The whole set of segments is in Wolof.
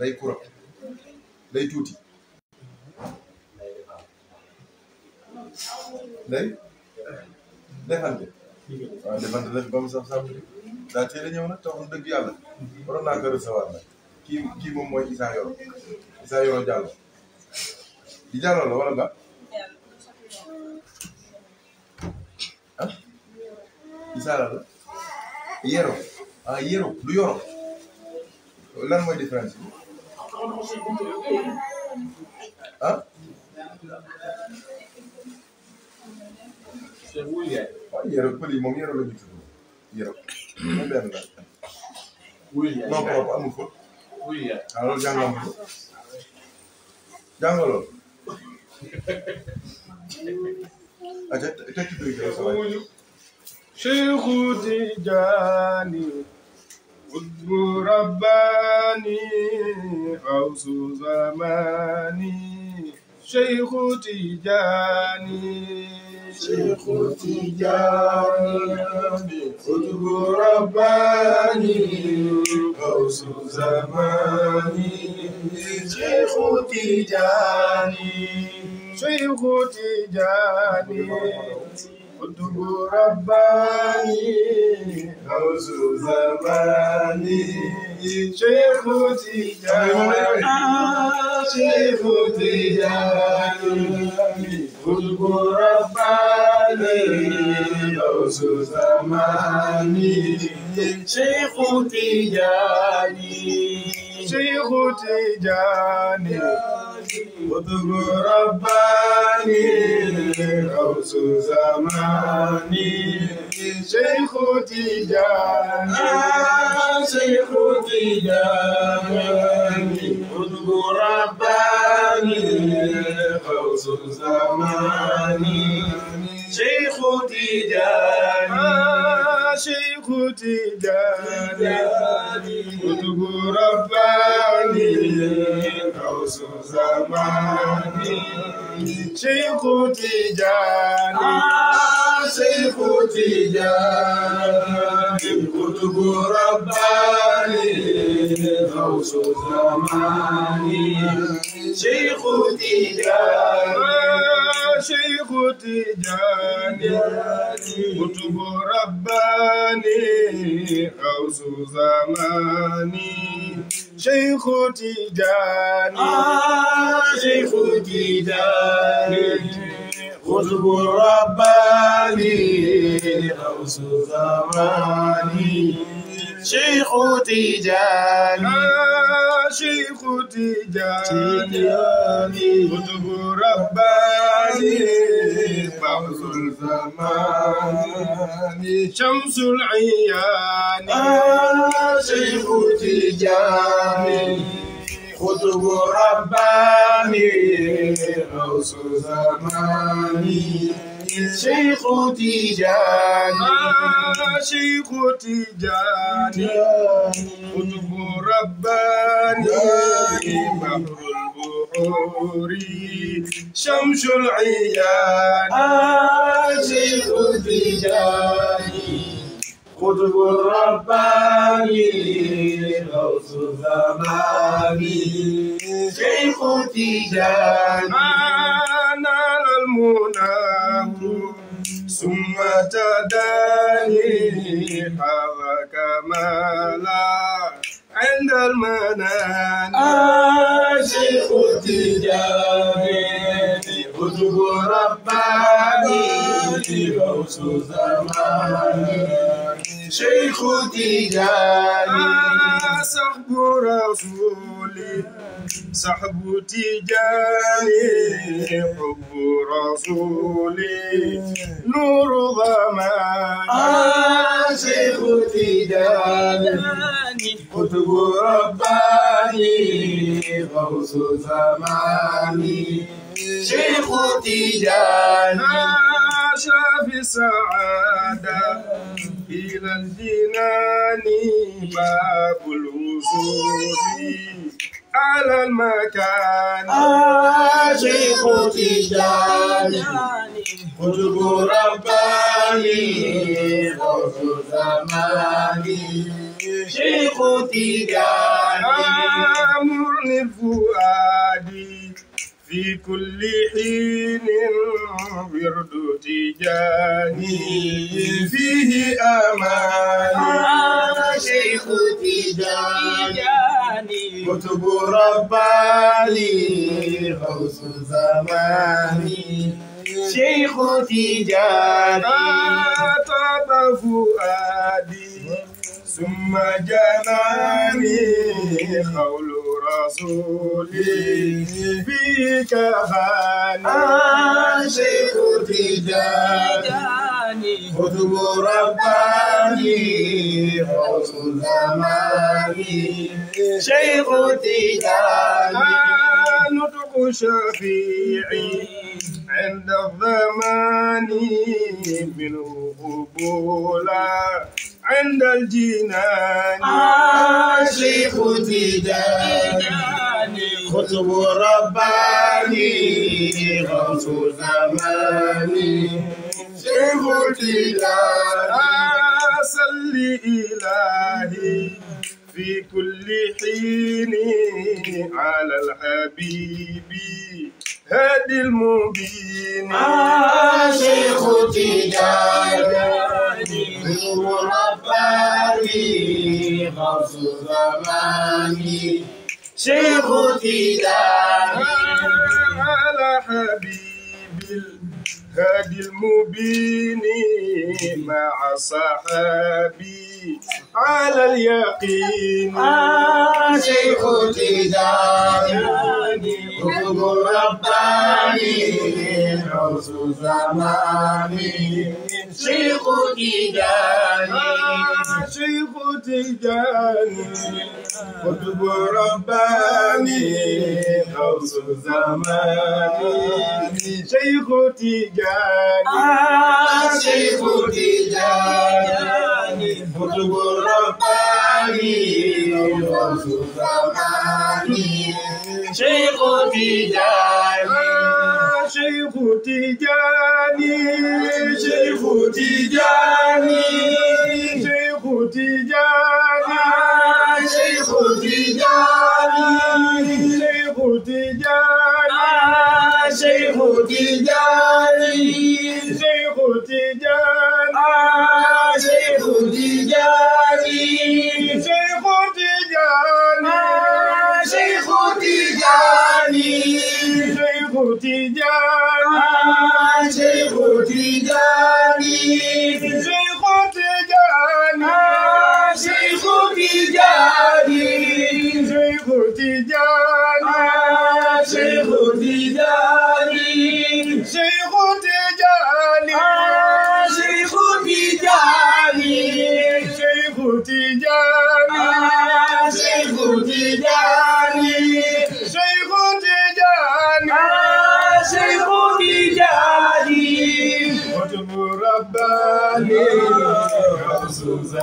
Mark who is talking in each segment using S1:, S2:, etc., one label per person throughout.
S1: day kura day tuuti day defante waaw defante na ba mu sax sax daa teel a ñëw nag taxul dëgg yàlla waroon naa ko moom mooy Issa Yoro Issa Yoro Diallo di Diallo la wala ba ah Issa la la Yero ah Yero lu Yoro lan mooy différence ah. waaw yërëb pël yi moom yërëb la ñu tudd yërëb. moom benn la. non propre amul ko. waaw loolu jàngal ma ko. jàngaloon. ah te te te قطب رباني غوث زماني شيخ تجاني شيخ
S2: تجاني
S1: قطب رباني غوث
S3: زماني شيخ تجاني
S1: شيخ تجاني قطب رباني غوث زماني شيخ تجاني شيخ تجاني قطب رباني غوث زماني شيخ تجاني شيخ تجاني قطب رباني غوث زماني شيخ تجاني شيخ تجاني قطب رباني غوث زماني شيخ تجاني يا شيخ تجاني قطب
S2: رباني غوث زماني
S1: شيخ تجاني آه، شيخ تجاني قطب رباني غوث زماني شيخ تجاني شيخ تجاني قطب رباني غوث زماني شيخ تجاني شيخ تجاني قطب رباني غوث زماني شيخ تيجان شيخ تيجان قطب رباني بعض الزمان شمس العيان شيخ تيجان قطب رباني غوث زماني آه، شيخ تيجاني شيخ تيجاني قطب رباني بحر البحور شمس العيان آه، شيخ تيجاني قطب رباني غوث زماني شيخ تيجاني آه، نال المنى
S4: مجداني
S1: وكمالا عند
S4: المنان
S1: عاشق
S4: تجاري
S1: أجب رباني غوث زماني شيخ تجاري صحب رسولي صحب تجاني حب رسولي نور
S2: ضماني شيخ تجاني قطب رباني غوث زماني شيخ تجاني
S4: شاف سعادة
S1: إلى الجنان باب الوصول على الم مكان أشيخ
S5: تجاني
S4: قطب رباني غرف زماني شيخ تجاني
S2: أمرني فؤادي في كل
S1: حين ورد تجاني فيه أماني كتب رباني غوث
S4: زماني
S1: شيخ تجاري طاب فؤادي ثم جناني قول رسولي فيك
S4: فاني شيخ تجاري زماني رباني
S2: غوث زماني
S1: شيخ تجاني نطق شفيعي عند الزمان منه قبولا عند الجنان آه، شيخ تجاني
S2: خطب رباني
S1: غوث
S4: زماني ابتلاء
S1: صل إلهي في كل حين على الحبيب هادي المبين آه شيخ تجاري
S2: نور رباني غرس
S1: زماني على حبيب هادي المبين مع
S3: صحابي على اليقين آه شيخ تداني حب رباني حوس زماني شيخ تداني شيخ تجاني
S2: قطب رباني غوث زماني
S4: شيخ تجاني شيخ تجاني قطب رباني غوث
S1: زماني
S3: شيخ تجاني
S1: J'ai routé d'aller, j'ai j'ai routé d'aller, j'ai j'ai routé
S3: d'aller, j'ai j'ai j'ai j'ai Seexu Tijaan Seexu Tijaan Seexu
S2: Tijaan Seexu Tijaan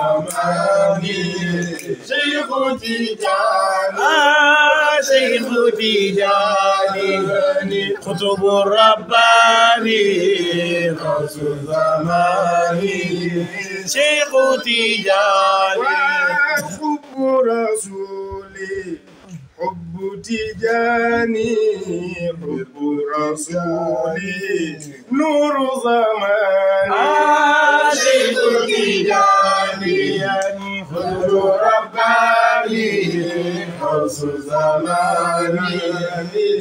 S3: amani
S1: Sheikh Tijani
S3: Sheikh Tijani قطب
S2: رباني غوث زماني شيخ تجاري وحب
S3: رسولي
S1: حب تجاني حب رسولي نور زماني عاشق تجاني
S2: حب رباني حرص زماني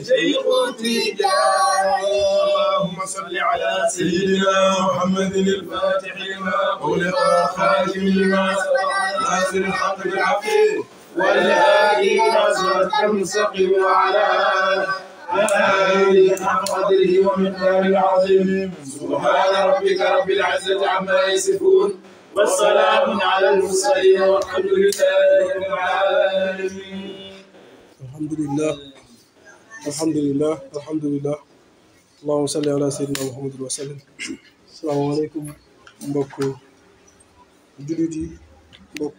S3: شيخ تجاني اللهم صل على سيدنا محمد الفاتح لما خلق خاتم الناس ناصر الحق بالعقيد والهادي إلى صراطك على
S1: وعلى آله حق قدره ومقداره العظيم سبحان
S4: ربك رب العزة عما يصفون والسلام على المرسلين والحمد لله رب العالمين الحمد لله الحمد لله الحمد لله
S1: اللهم صل على سيدنا محمد وسلم السلام عليكم mbokk
S4: jullit yi mbokk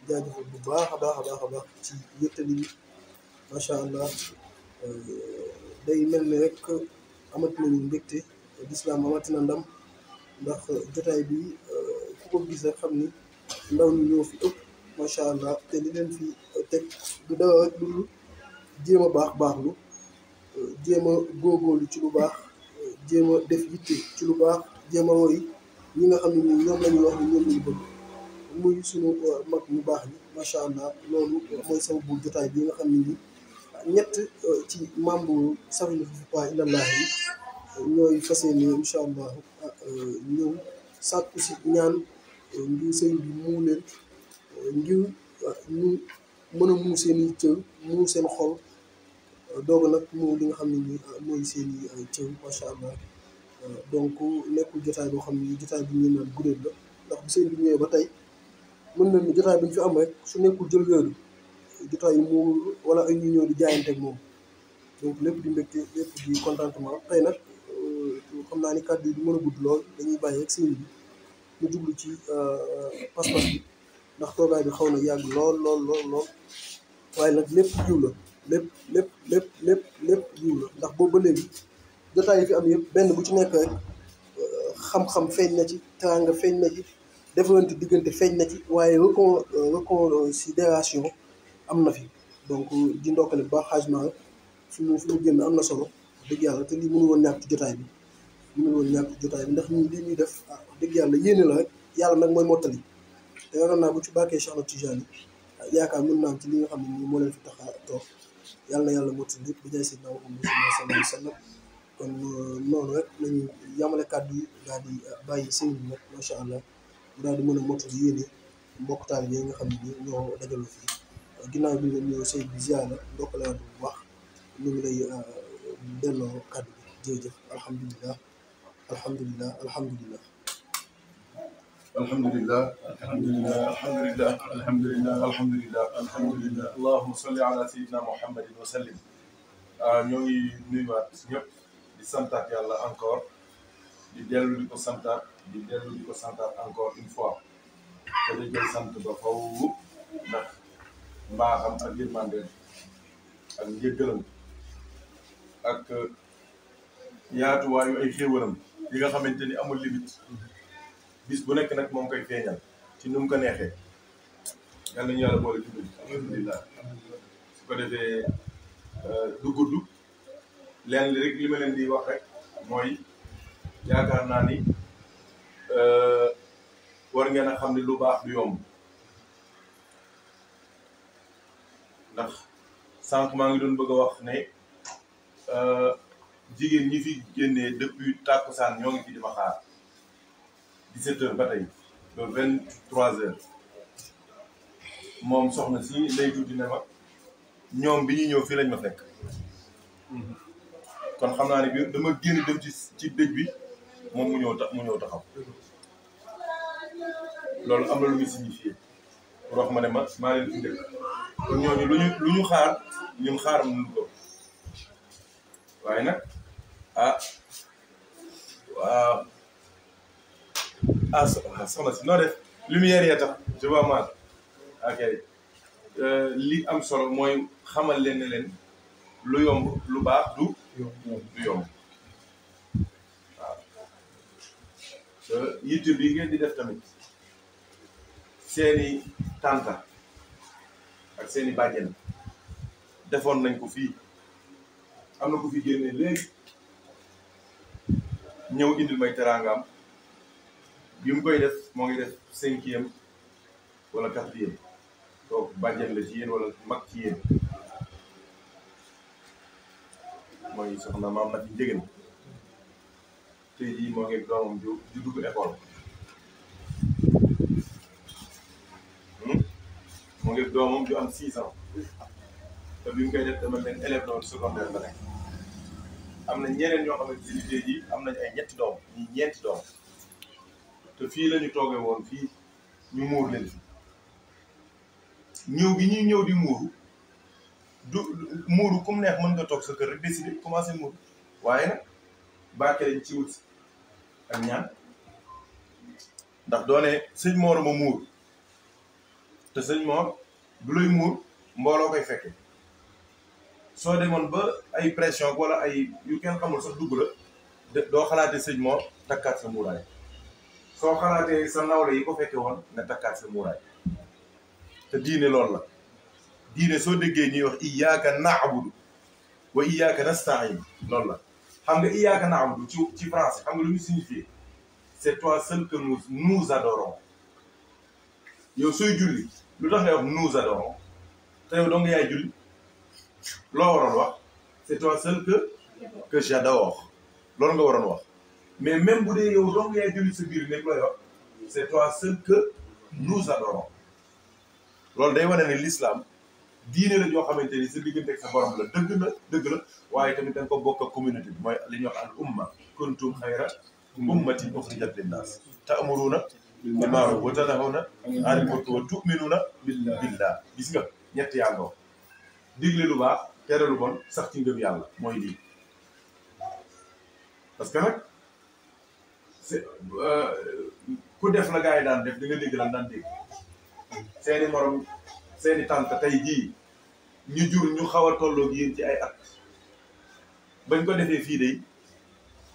S4: jaajëfal bu baax a baax a baax a baax ci wéttali bi macha allah euh, day mel ni rek amat gis mbégte lislaam amatina ndam ndax jotaay bi euh, ku ko gis rek xam ni ndaw ñi ñoo fi ëpp macha allah te li leen fi teg du dara rek jéem a baax baax lu euh, jéem a góorgóorlu ci lu baax
S1: jéem a def yitte ci lu baax jéem a roy ñi nga xam ne ñoom la ñu wax ni ñoom la ñu muy sunu euh, mag mu baax bi macha allah loolu mooy sama bu jotaay bi nga
S4: xam ne nii ñett euh, ci membre Safina Touba ilallah yi ñooy fas yéene incha euh, bi mu leen ngir ñu mën a mu seen i mu seen xol doog nag mu li nga xam ne nii mooy seen i cër macha
S1: allah. donc nekkul jotaay boo xam ne jotaay bi ñu naan guddeel la ndax bu seen bi ñëwee ba tey mën na ni jotaay bi ñu fi am rek su nekkul jël yooyu jotaay yi mu wala ay ñu ñëw di jaayanteeg moom donc lépp di mbégte lépp di contentement tey nag euh, xam naa ni kàddu yi du mën a gudd lool dañuy bàyyi rek sëñ bi mu jublu ci euh, pas-pas bi ndax toogaay bi xaw na yàgg lool lool lool lool waaye nag lépp jiw la lépp lépp lépp lépp lépp la ndax boobu ba léegi jotaay yi fi am
S4: yëpp benn bu ci nekk rek euh, xam-xam feeñ na ci teraanga feeñ na ci defalante diggante feeñ na ci waaye recon euh, reconsidération am na fi donc
S1: di ndokkale bu baax xajmaa fi mu fi mu génn am na solo dëgg yàlla te lii mënu woon ñàkk jotaay
S4: bi mënu woon ndax mi lii ñuy def ah, dëgg yàlla yéene la rek yàlla nag mooy mottali te yaakaar naa bu ci bàkkee Cheikh Ahmed Tidiane ah, yaakaar mën naa ci li nga xam ne nii moo leen fi tax a toog yàlla na yàlla mottali lépp bi jaay si naw am sallallahu kon euh,
S1: noonu rek lañu yamale kàddu yi daal euh, bàyyi sëñ macha allah daal di mën a motu yéene mbokk taal yi nga xam ne nii ñoo dajalu fii ginnaaw bi nga ñëw sëy bi
S3: ziar la ndokkalaat bu baax ñu ngi lay euh, delloo kàddu bi jërëjëf alhamdulilah alhamdulilah alhamdulillah, الحمد لله
S1: الحمد لله الحمد لله الحمد لله الحمد لله الحمد لله اللهم صل على سيدنا محمد وسلم alhamdulillah, ngi di dellu di ko santaat encore une fois te dañ koy sant ba faw ndax mbaaxam ak yërmandeem ak njëggalam ak yaatuwaayu ay xéewalam yi nga xamante ni amul limite bis bu nekk nag moom koy feeñal ci nu ko neexee yal nañu yàlla boole jublu su ko defee euh, du gudd leen li rek li ma leen di wax rek mooy yaakaar naa ni Euh, war ngeen a xam ne lu baax du yomb ndax sànq maa ngi doon bëgg a wax ne euh, jigéen ñi fi génnee depuis tàkkusaan ñoo ngi fi di ma xaar 17 heures ba tey ba 23 heures moom soxna si lay tuuti ne ma ñoom bi ñuy ñëw fii lañ ma fekk mm-hmm. kon xam naa ne bi dama génn dem ci ci bi moom mu ñëw tax mu ñëw taxaw.
S5: loolu am na lu muy
S1: signifié pour ma ne ma maa lu ñu lu ñu xaar ñun xaaram ñu ko waaye nag ah waaw ah, ah soxna si noo def lumière ya tax je vois ok euh, li am solo mooy xamal leen ne leen lu yomb lu baax du du yomb waaw euh, yitte bi ngeen di def tamit seeni tànta ak seeni bàjjen defoon nañ ko fii am na ku fi génne léegi ñëw indil may teraangaam bi mu koy def moo ngi def cinquième wala quatrième donc bàjjen la ci yéen wala mag ci yéen mooy soxna maam na fi njëgën tey jii moo ngi doom ju ju dugg école mu a doomam ju am 6 ans te bi ñu koy def dama leen élève secondaire la nekk am na ñeneen ñoo xamante ay ñetti doom ñi doom te fii la ñu woon fii ñu muur fi ñëw gi ñuy di muuru du muuru kum neex mën nga sa kër rek il commencé a waaye nag lañ ci wut ak ñaan ndax doone sëñ te dulay mur mbolo koy fekke so demone ba ay pression wala ay yu kenn xamul sax dugg la doo xalaatee sëñ moo takkaat sa muray so xalaté sa nawle yi ko fekke won na takkat sa muray te diine loolu la diine so déggee ñuy wax iyyaka na'budu wa iyyaka nasta'in loolu la xam nga iyyaka na'budu ci ci français xam nga lu ñu signifie c'est toi seul que nous nous adorons yow soy julli lu tax ngay wax nous adorons te yow dong yaay julli loo waroon wax c'est toi seul que que j'adore loolu nga waroon wax mais même bu dee yow dong yaay julli sa biir nekk looy wax c'est toi seul que nous adorons loolu day wane ne l'islam diine la ñoo xamante ni sa diggante ak sa borom la dëgg la dëgg la waaye tamit da nga ko bokk ak communauté bi mooy li ñuy wax al umma kuntum xayra ummatin uxrijat linnaas ta'muruna billaahi wa tadahawna anil munkar wa tu'minuuna billaahi gis nga ñett yàlloo digle lu baax tere lu bon sax ci ngëm yàlla mooy lii parce que nag c'est euh, ku def la gars yi daan def di nga dégg lan daan dégg seeni morom seeni tànk tey jii ñu jur ñu xaw a tolloog yéen ci ay at bañ ko defee fii de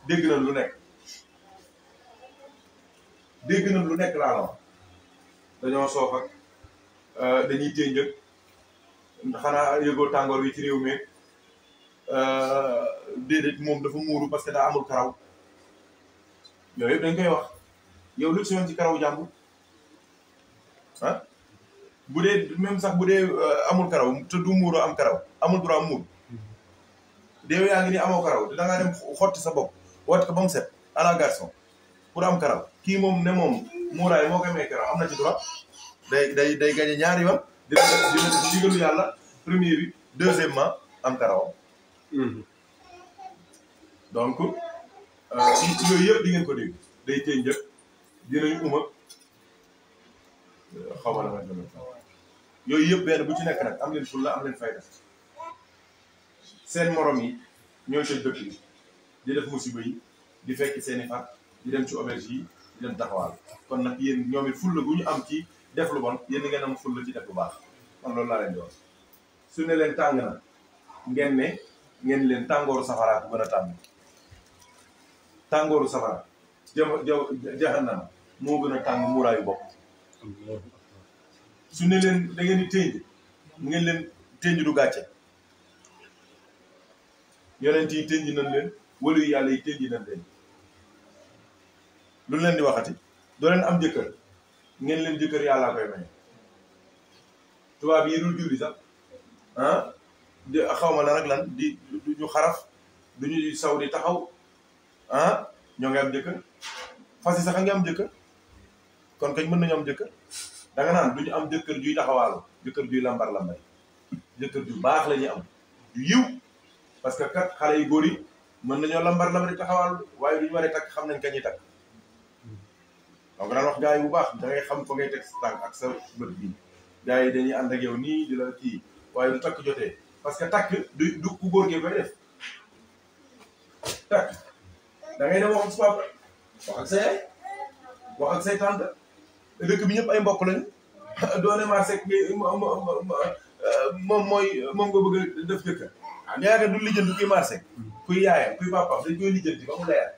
S1: dégg na lu nekk dégg nañ lu nekk laa wax dañoo soof ak euh, dañuy ténj xanaa yëgoo tàngoor wi ci réew mi euh, déedéet moom dafa muuru parce que daa amul karaw yooyu yëpp dañ wax yow lu ci yoon ci karaw jàmbur ah bu dee même sax bu dee euh, amul karaw te du muuroo am karaw amul droit muur déew yaa ngi ni amoo karaw te dem xotti sa bopp wat ko ba mu set à la pour am karaw kii moom ne moom muuraay moo koy may keroog am na ci droit day day day ñaari yoon dina dina def ndigalu yàlla am karawam donc euh, yëpp di ngeen ko dégg day tey njëkk dinañ euh, la yooyu yëpp benn bu ci nekk nag am leen fulla am leen seen morom yi ñooy tëj dëkk di musiba yi di fekk seen i at di dem ci auberge yi di leen taxawaal kon nag yéen ñoom it fulla gu ñu am ci def lu bon yéen ngeen am fulla ci def lu baax kon loolu laa leen di su ne leen tàng na ngeen ne ngeen leen tàngooru safaraa bu gën a tàng tàngooru safara jahannama moo gën a tàng muuraayu bopp su ne leen da ngeen di tënj ngeen leen tënj du gàcce yonent yi tënj nañ leen walu yàlla yi tënj na leen lu leen di waxati do leen am jëkkër ngeen leen jëkkër yàllaa koy may tubaab bi dul julli sax ah di xaw ma lan ak lan di duñu xaraf duñu saw di taxaw ah ñoo ngi am jëkkër fas yi sax a ngi am jëkkër kon kañ mën nañu am jëkkër da nga naan duñu am jëkkër juy taxawaalu jëkkër juy lambar lambay jëkkër ju baax la ñu am ju yiw parce que kat xale yu góor yi mën nañoo lambar lambar di taxawaalu waaye duñu war a takk xam nañ kañuy takk donc daan wax gaay bu baax da ngay xam fa ngay tek sa tànk ak sa bët bi gaay yi dañuy ànd ak yow nii di la kii waaye du takk jotee parce que takk du du ku góor gee koy def takk da ngay dem wax ak papa wax ak sa wax ak say tante dëkk bi ñëpp ay mbokk lañu doone maa sekk moom mooy moom nga bëgg def dëkk ñaaka du lijjanti kuy maa sekk kuy yaayam kuy papa dañ koy lijjanti ba mu leer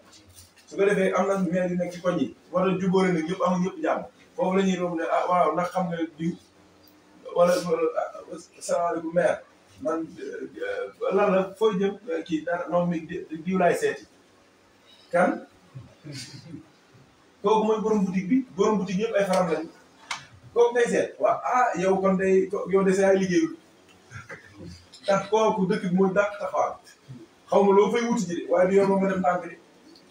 S1: su ko defee am na maire yu nekk ci koñ yi war a jubóole nag ñëpp amul ñëpp jàmm foofu la ñuy ne ah waaw ndax xam nga diw wala ah, salaamaaleykum maire man euh, lan la fooy jëm kii dara moom mi diw kan kooku mooy borom boutique bi borom boutique ñëpp ay faram lañu kooku ngay seet waaw ah yow kon day yow dese ay liggéeyul ndax kooku dëkk bi mooy dàq taxawaat xaw ma loo fay wuti ji de waaye du yow moom ma dem tànk de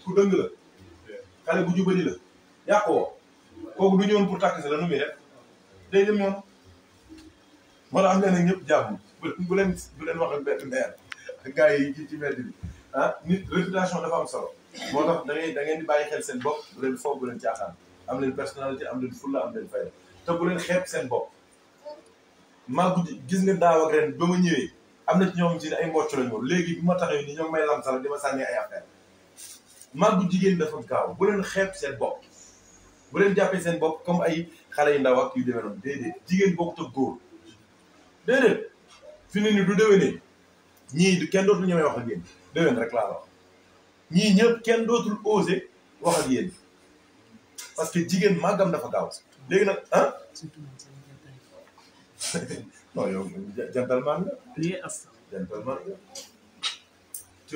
S1: ku dëng la xale bu jubali la yàqoo kooku du ñëwoon pour takk si la nu muy def day dem yoon moo tax am leen ne ñëpp jàmm bu leen bu leen wax ak benn maire gars yi ci ci mbedd bi ah nit réputation dafa am solo moo tax da ngay ngeen bàyyi xel seen bopp bu leen foog bu leen caaxaan am leen personnalité am leen fulla am leen fayda te bu leen xeeb seen bopp maa gis nga daaw ak ren ba ma ñëwee am na ci ñoom ci ay mbocc lañ woon léegi bi ma taxee ni ñoom di ma sànni màggu jigéen dafa gaaw bu leen xeeb seen bopp bu leen jàppee seen bopp comme ay xare yu ndaw ak yu demee noonu déedéet jigéen bokkut ak góor déedéet fi ne ni du déwénee ñii kenn dootul ñemee wax ak yéen rek laa wax ñii ñëpp kenn dootul osé wax ak parce que jigéen màggam dafa gaaw léegi nag ah. non yow gentleman la. gentleman la tu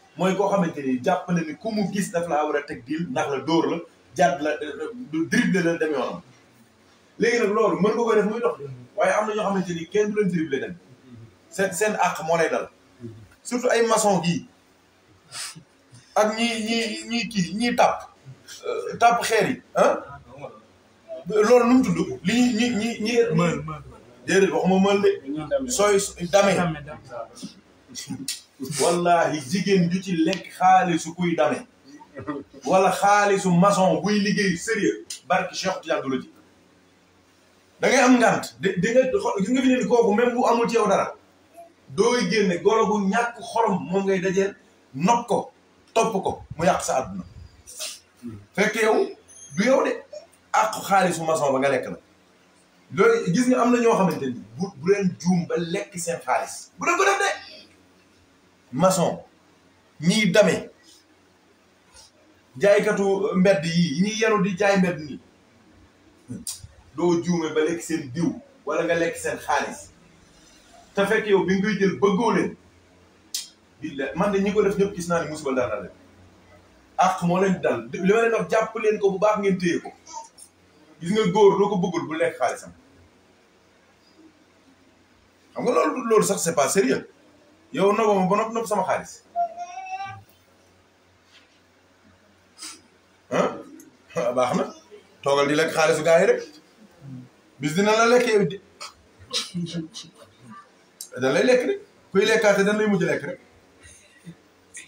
S1: mooy koo xamante ni jàpp na ni ku mu gis daf laa war a teg diil ndax la dóor la jàdd la euh, euh, dribble la dem yoonam léegi nag loolu mën nga koy def muy dox waaye am na ñoo xamante ni kenn du leen dribble dem seen àq moo lay dal surtout ay maçon gii ak ñi ñi ñi kii ñi tàpp euh, tàpp xeer yi loolu nu mu tudd li ñi ñi ñi déedéet waxuma mën de sooy damee wallahi jigéen ju ci lekk xaalisu kuy dame wala maçon buy liggéey sérieux barki Cheikh Tidiane du ji da ngay am ngant de nga gis nga fi ne même bu amul ci yow dara doy génne golo bu xorom mo ngay dajel nokko ko mu sa aduna yow yow de ak xaalisu maçon ba nga lekk na loolu gis nga am na ño xamante bu len ba bu maçon ni damé jaay katou mbedd yi ni yaru di jaay mbedd ni do juume ba lekk sen diw wala nga lekk sen xaalis ta fekk yow bi ngui jël bëggoo leen man de ñiko def ñep gis na ni musiba daal na ak mo leen dal li ma leen wax japp leen ko bu baax ngeen téye ko gis nga goor doo ko bëggul bu lekk xaalisam xam nga loolu loolu sax c'est pas sérieux yow noboo ma ba nopp nopp sama xaalis ah baax na toogal di lekk xaalisu gars yi rek bis dina la lekk yow di da lay lekk rek kuy lekkaate dan lay mujj lekk rek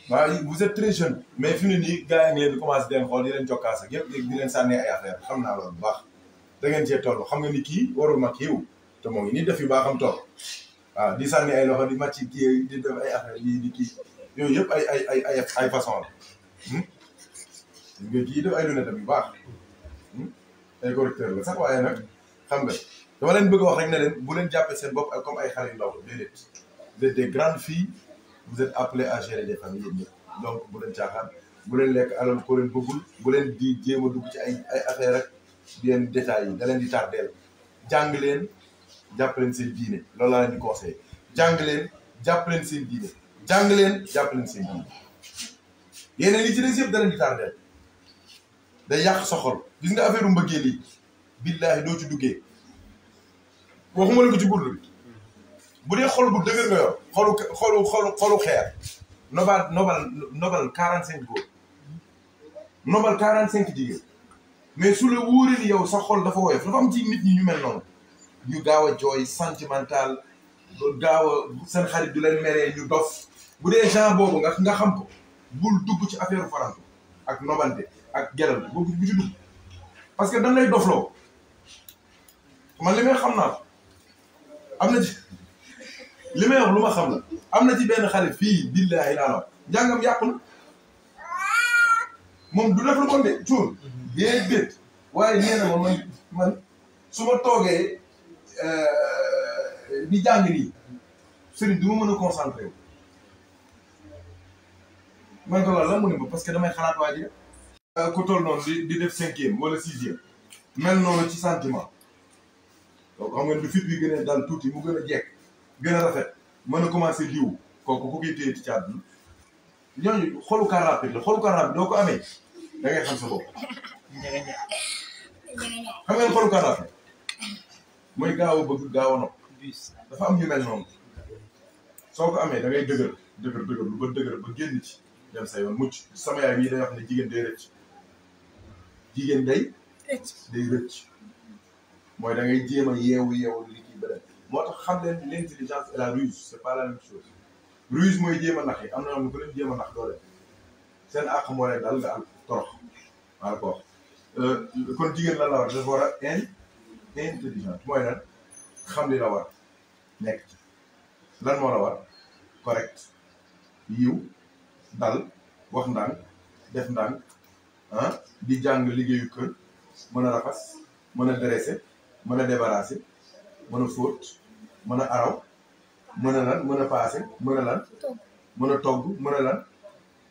S1: waaye vous set très jeune mais fi mu ne nii gars yi ngi commencé di xool di leen jokkaas ak yëpp di leen sànni ay affaire xam naa loolu bu baax da ngeen cee toll xam nga ni kii warul ma kii te moom ngi nii def yu baaxam toll ah di sànni ay loxo di màcc kii di def ay affaire yi di kii yooyu yëpp ay ay ay ay ay façon la. kii def ay lunette bu baax. ay correcteur la sax waaye nag xam nga dama leen bëgg a wax rek ne leen bu leen jàppee seen bopp comme ay xale ndaw déedéet vous êtes des grandes filles vous êtes appelées à gérer des familles donc bu leen caaxaan bu leen lekk alal ko leen bëggul bu leen di jéem dugg ci ay ay affaire ak yenn détails yi da leen di tardeel jàng leen. jàpp seen diine loolu laa leen di conseillé jàng leen jàpp seen diine jàng leen jàpp seen diine yéen a ngi ci des yëpp dana di tardeel day yàq sa xol gis nga affaire mbëggee lii billaahi doo ci duggee waxuma la ko ci burdu bi bu dee xol bu dëgër nga yor xolu xolu xolu xolu xeer nobal nobal nobal quarante cinq góor nobal quarante cinq jigéen mais su la wóoree ni yow sa xol dafa woyof dafa am ci nit ñi ñu mel noonu ñu gaaw a jooy sentimental gaaw a seen xarit du leen meree ñu dof bu dee genre boobu nga nga xam ko bul dugg ci affaire farantu ak nobante ak geral bu bu ci dugg parce que dañ lay dofloo man li may xam naa am na ci li may wax lu ma xam la am na ci benn xale fii billahi laala njàngam yàqu na moom du def lu bon de cuur déedéet waaye nee na ma man man su ma toogee Euh, di jàng yi sëriñ du mën a concentré wu. man ko loolu lan mu ne ma parce que damay xalaat waa ji. Euh, ku toll noonu di di def cinquième wala sixième mel noonu ci sentiment donc xam nga lu fit bi gën a dal tuuti mu gën a jekk gën a rafet mën a commencé diw kooku ku koy téye ci caat bi ñooñu xolu car rapide la xolu car rapide doo ko amee da xam sa bopp. xam ngeen xolu car rapide mooy gaaw a bëgg gaaw a nopp dafa am ñu mel noonu soo ko amee da ngay dëgër dëgër dëgër lu ba dëgër ba génn ci dem sa yoon mucc sama yaay mii day wax ne jigéen day rëcc day day rëcc mooy da ngay jéem a yeewu yeewu li kii beneen moo tax xam leen l'intelligence et la ruse c'est pas la même mooy jéem nax yi am na ñoom ku leen jéem a nax doole seen àq moo leen dal nga am torox maa ko wax euh, kon jigéen la la dafa war a intelligente mooy lan xam li la war nekk ci lan moo la war correct yiw dal wax ndànk def ndànk di jàng liggéeyu kër mën a rafas mën a dresser mën a débarrasser mën a fóot mën a araw mën a lan mën a paase mën a lan mën a togg mën a lan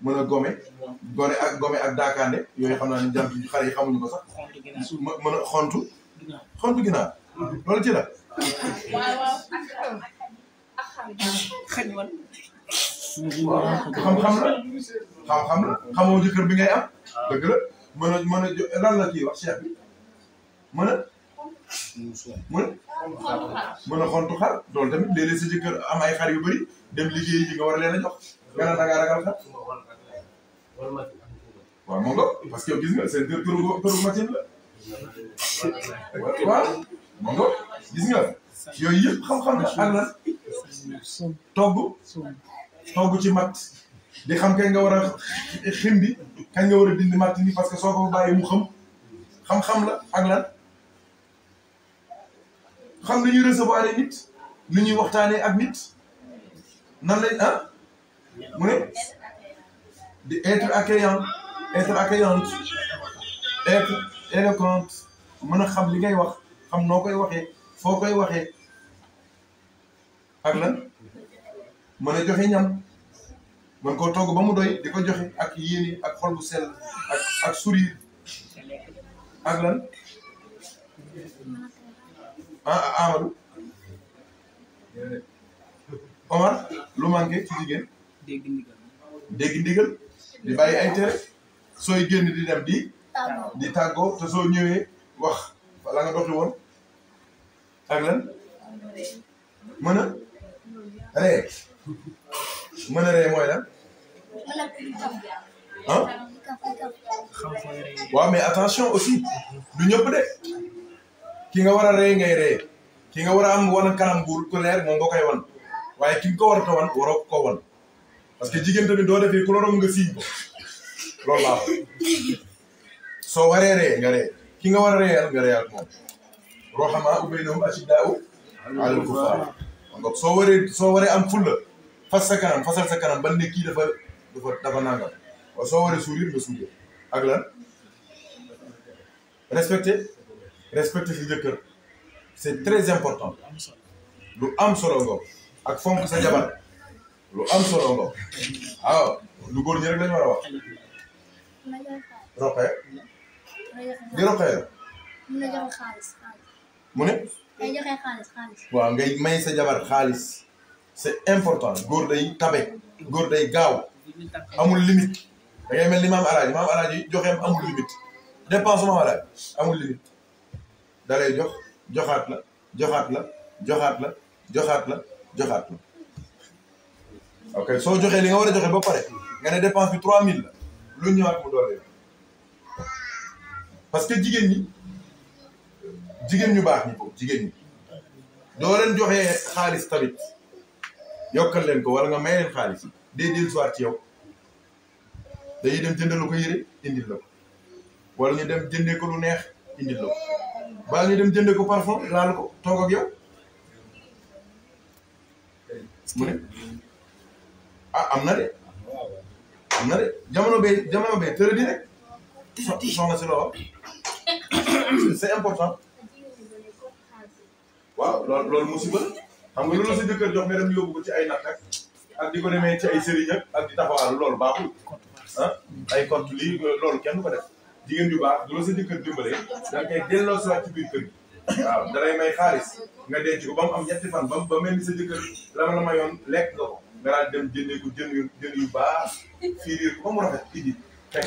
S1: mën a gome gone ak gome ak daakaande yooyu xam naa ne jant yi xamuñu ko sax mën a xontu xol bi ginaar loolu ci la.
S4: waaw waaw xam-xam la
S5: xam-xam la
S1: xamoo jëkkër bi ngay am dëgg la mën a mën a lan la kii a a xontu xar loolu tamit léeg-léeg sa jëkkër am ay xar yu bëri dem liggéey yi nga war a leen a jox nga naan da ragal xar waaw moom nga parce que yow gis nga kër këru këru machine la waaw moom nga gis nga yooyu yëpp xam-xam la ak la togg ci matt di xam kañ nga war a xindi kañ nga war dindi matt nii parce que soo ko bàyyi mu xam xam-xam la ak lan xam lu ñuy recevoir nit lu ñuy waxtaanee ak nit nan lañ ah mu ne di être accueillant être accueillante être éloquente mën a xam li ngay wax xam noo koy waxee foo koy waxee ak lan mën a joxe ñam mën koo toog ba mu doy di ko joxe ak yéene ak xol bu sell ak ak ak lan ah, ah Amadou Omar lu manqué ci jigéen. dégg ndigal dégg ndigal di bàyyi ay tere sooy génn di dem di. di tàggoo te soo ñëwee wax la nga doxi woon ak mën a ree mën a ree mooy lan ah waaw mais attention aussi du ñëpp de ki nga war a ree ngay ree ki nga war a am wan kanam bu ko leer moom nga koy waaye ki nga ko war a wan parce que jigéen tamit doo defee ku la nga siiñ ko loolu soo waree ree nga ree ki nga war a reeyal nga reeyal moom roxamaa soo waree soo waree am fulla fas sa kanam fasal sa kanam ban ne kii dafa dafa soo waree sourire nga sourire ak lan respecter respecter si jëkkër c'est très important lu am solo nga ak fonk sa jabar lu am solo nga waaw lu góor ñi rek lañu war a c'est important góor day tabe góor day limite da ngay mel limite limite jox la ok li nga joxe ba pare ne 3000 parce que jigéen ñi jigéen ñu baax ñi ko jigéen ñi doo leen joxee xaalis tamit yokkal leen ko wala nga may leen xaalis day dellu soir ci yow dañuy dem ko yére indil la ko jëndee ko lu neex indil la ko baa ñu dem jëndee ko parfum laal ko toog ak yow mu ne ah am na de am na de jamono bee jamono bee tëradi rek soxna si lool c'est important waaw loolu si musiba xam nga loolu la sa jëkkër jox nga dem yóbbu ko ci ay natt ak di ko demee ci ay sëriñ ak di taxawaalu lool baaxul ah ay compte lii loolu kenn ko def jigéen yu baax du la sa jëkkër dimbalee da nga koy delloo si waat ci biir kër waaw dalay may xaalis nga denc ko ba mu am ñetti fan ba ba mel ni sa jëkkër la la mayoon lekk nga ko nga daan dem jëndee ko jën yu jën yu baax fii riir ko ba mu rafet kii teg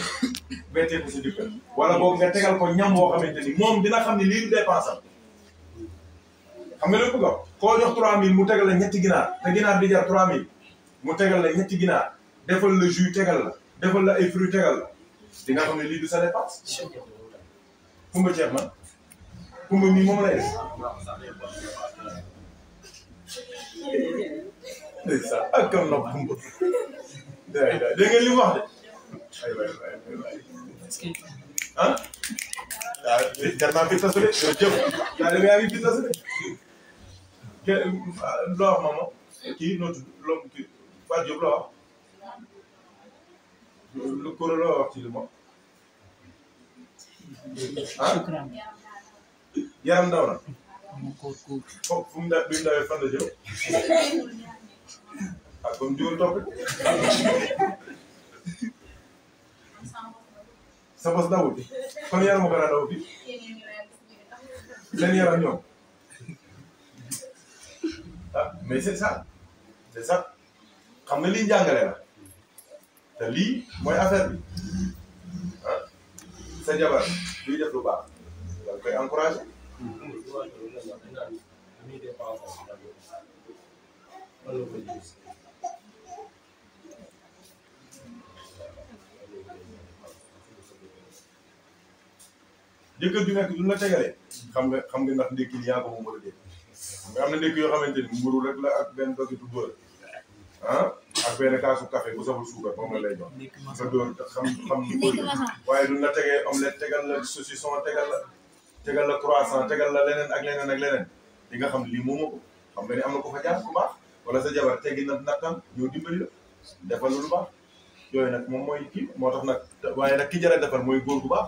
S1: bettee ko si dikkal wala boog nga tegal ko ñam woo xamante ni moom dina xam ne lii du dépense am xam nga lu bëgg a koo jox 3000 mu tegal la ñetti ginaar te ginaar di jar 3000 mu tegal la ñetti ginaar defal la jus tegal la defal la ay fruits tegal la di nga xam ne lii du sa dépense. kumba ceeb man kumba mii moom lay def. dégg nga li wax de. ah. waaw jar naa fi tasa de jërëjëf. yaa ngi yaa ngi fi tasa de. loo wax maman kii noo tudd loo kii Fatou Diop loo wax. lu kóoro loo wax ci li moom. ah. yaram ndaw na. foofu fu mu da bi mu dawee fan la jëm. ah comme jiw topp. sa bos dawul
S4: kon yaram moo gën a daw bi
S1: seen yaram ñoom ah mais c'est nga lii njàngale la te lii mooy affaire bi ah sa jabar luy def baax da nga jëkkër ju nekk duñ la tegalee xam nga xam nga ndax ndékki li yaa ko moom wala déet xam nga am na ndékki yoo xamante ni mburu rek la ak benn dogitu beurre ah ak benn kaasu café bu saful suukar moom nga lay jox nga door xam xam ñu bëri waaye duñ la tegee omelette tegal la saucisson tegal la tegal la croissant tegal la leneen ak leneen ak leneen di nga xam lii moomu ko xam nga ni am na ko fa jaar bu baax wala sa jabar teggi na nattam ñoo dimbali la defal lu baax yooyu nag moom mooy kii moo tax nag waaye nag ki jara defar mooy góor bu baax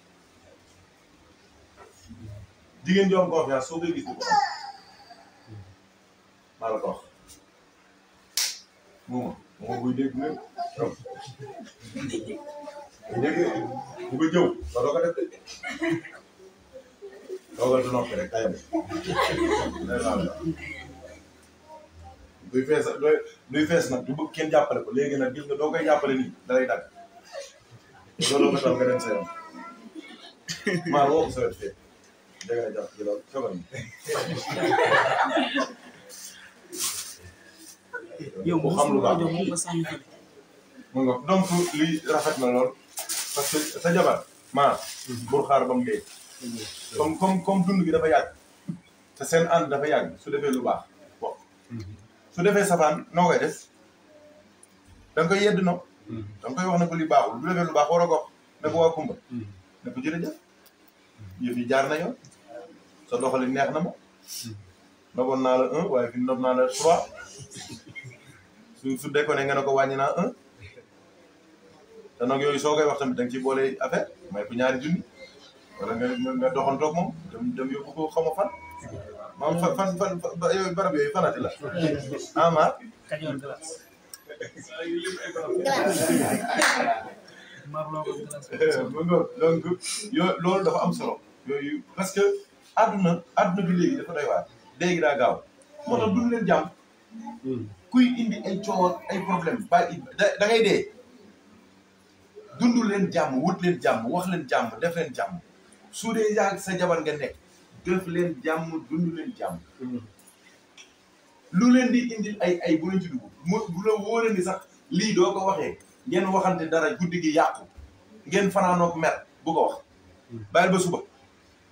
S1: jigéen ju am confiance soo koy gis di ko am maa la ko wax moom moo koy dégg lépp trop ba doo ko def de nag du bëgg kenn jàppale ko léegi nag gis nga doo koy jàppale nii da lay fee danga xam lu baax donc lii rafet na lool parce que sa jabar maa bur xaar ba mu dee comme comme dund bi dafa yàgg te seen ànd dafa yàgg su defee lu baax wax su defee safaan noo koy def da nga koy yedd no da koy wax ne ko li baaxul bu defee lu baax war ne ko kumba ne ko jërëjëf yëf jaar na yoon sa doxalin neex na ma noboon naa la un waaye fi nob naa la trois su su déconné nga ne ko wàññi naa un te nag yooyu soo koy wax tamit da nga ciy boole affaire may ko ñaari junni wala nga nga doxantoog moom dem dem yóbbu ko xaw ma fan. maam fan fan fan yooyu barab yooyu fanati la ah maa. kañoon glace.
S5: glace.
S1: donc yoo loolu dafa am solo àdduna àdduna bi léegi dafa doy waar léegi daa gaaw moo tax duñ leen jàmm kuy indi ay coow ay problème bàyyi da ngay dee dund leen jàmm wut leen jàmm wax leen jàmm def leen jàmm su dee yaa sa jabar nga nekk def leen jàmm dund leen lu leen di indi ay ay bu leen ci dugg mu bu la sax lii doo ko waxee ngeen waxante dara guddi gi yàqu ngeen fanaanook mer bu ko wax bàyyil ba suba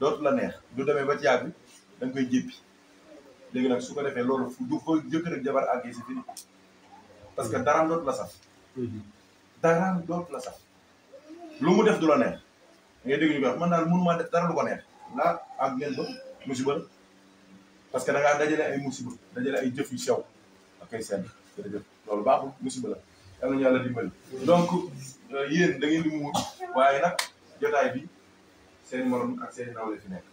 S1: dootu la neex du demee ba ci yàgg da nga koy jéppi léegi nag su ko defee loolu fu du ko jëkkër ak jabar àggee si fini parce que dara dootu la sax. dara dootu la sax lu mu def du la neex ngay dégg ñu koy wax man daal mënumaa def dara lu ko neex la ak ngeen ba musiba parce que da ngaa dajale ay musiba dajale ay jëf yu sew ak ay seen jërëjëf loolu baaxul musiba la yàlla ñu yàlla dimbali donc euh, yéen da ngeen di mu wut waaye nag jotaay bi seen morom ak seen nawle fi nekk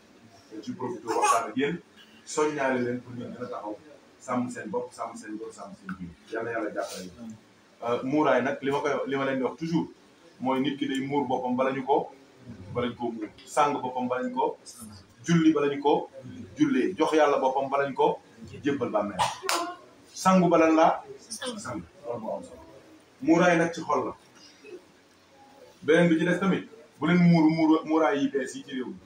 S1: dañ ci profité waxtaan ak yéen soññaale leen pour ñu gën a taxaw sàmm seen bopp sàmm seen góor sàmm seen biir yàlla yàlla jàppale ñu euh, muuraay nag li ma koy li ma leen di wax toujours mooy nit ki day muur boppam bala ñu ko bala ñu ko muur sàng boppam bala ñu ko julli bala ñu ko jullee jox yàlla boppam bala ñu ko jébbal sangu balan sang muuraay nag ci xol la beneen bi ci des tamit bu leen muuru muuru muuraay yi bees yi ci réew mi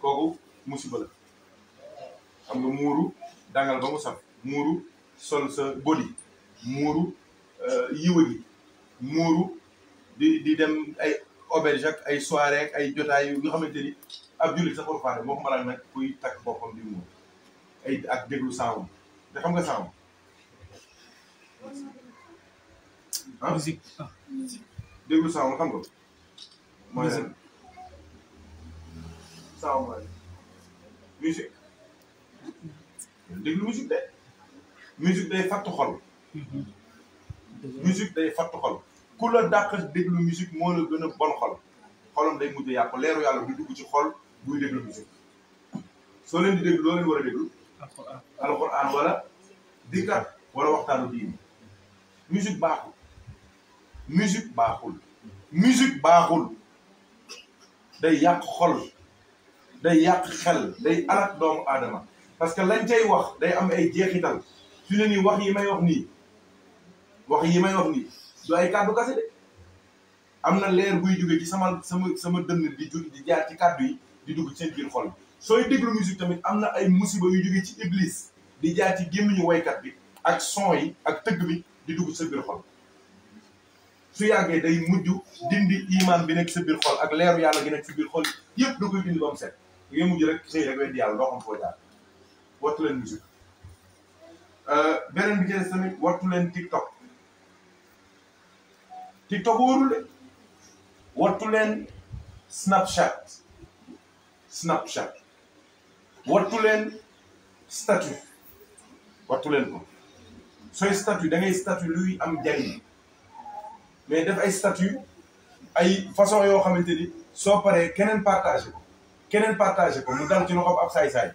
S1: kooku musiba la xam nga muuru dangal ba mu saf muuru sol sa boli muuru euh, yiwadi muuru di dem ay auberge ak ay soirée ak ay jotaay yu nga xamante ni ab jullit sax waru faa dem waxuma la nag kuy takk boppam di muuru ay ak déglu saawam te xam nga saawam ah déglu saawam xam nga musique saabu mooy musique déglu musique de musique day fattu xol musique day fattu xol ku la dàq déglu musique moo la gën a bon xol xolam day mujj yàqu leeru yàlla bi dugg ci xol buy déglu musique soo leen di déglu loo war a déglu alxuraan wala dikkat wala waxtaanu diini musique baaxul musique baaxul musique baaxul day yàq xol day yàq xel day alak doomu aadama parce que lañ cay wax day am ay jeexital su ne nii wax yi may wax nii wax yi may wax nii du ay kàddu kase de am na leer buy jóge ci sama sama sama dënn di jur di jaar ci kàddu yi di dugg ci seen biir xol bi sooy déglu musique tamit am na ay musiba yu jóge ci iblis di jaar ci gémmiñu waykat bi ak son yi ak tëgg bi di dugg ci sa biir xol su yàggee day mujj dindi iman bi nekk sa biir xol ak leeru yàlla gi nekk sa biir xol yëpp da koy dindi ba mu set ngay mujj rek xëy rek weddi yàlla doo xam foo jaar leen musique euh, beneen bi leen tiktok tiktok wóorul de wattu leen snapchat snapchat wattu leen statut wattu leen ko sooy statut da ngay statut luy am jariñ mais def ay statut ay façon yoo xamante ni soo paree keneen partagé ko keneen partagé ko mu dal ci loxoom ab saay-saay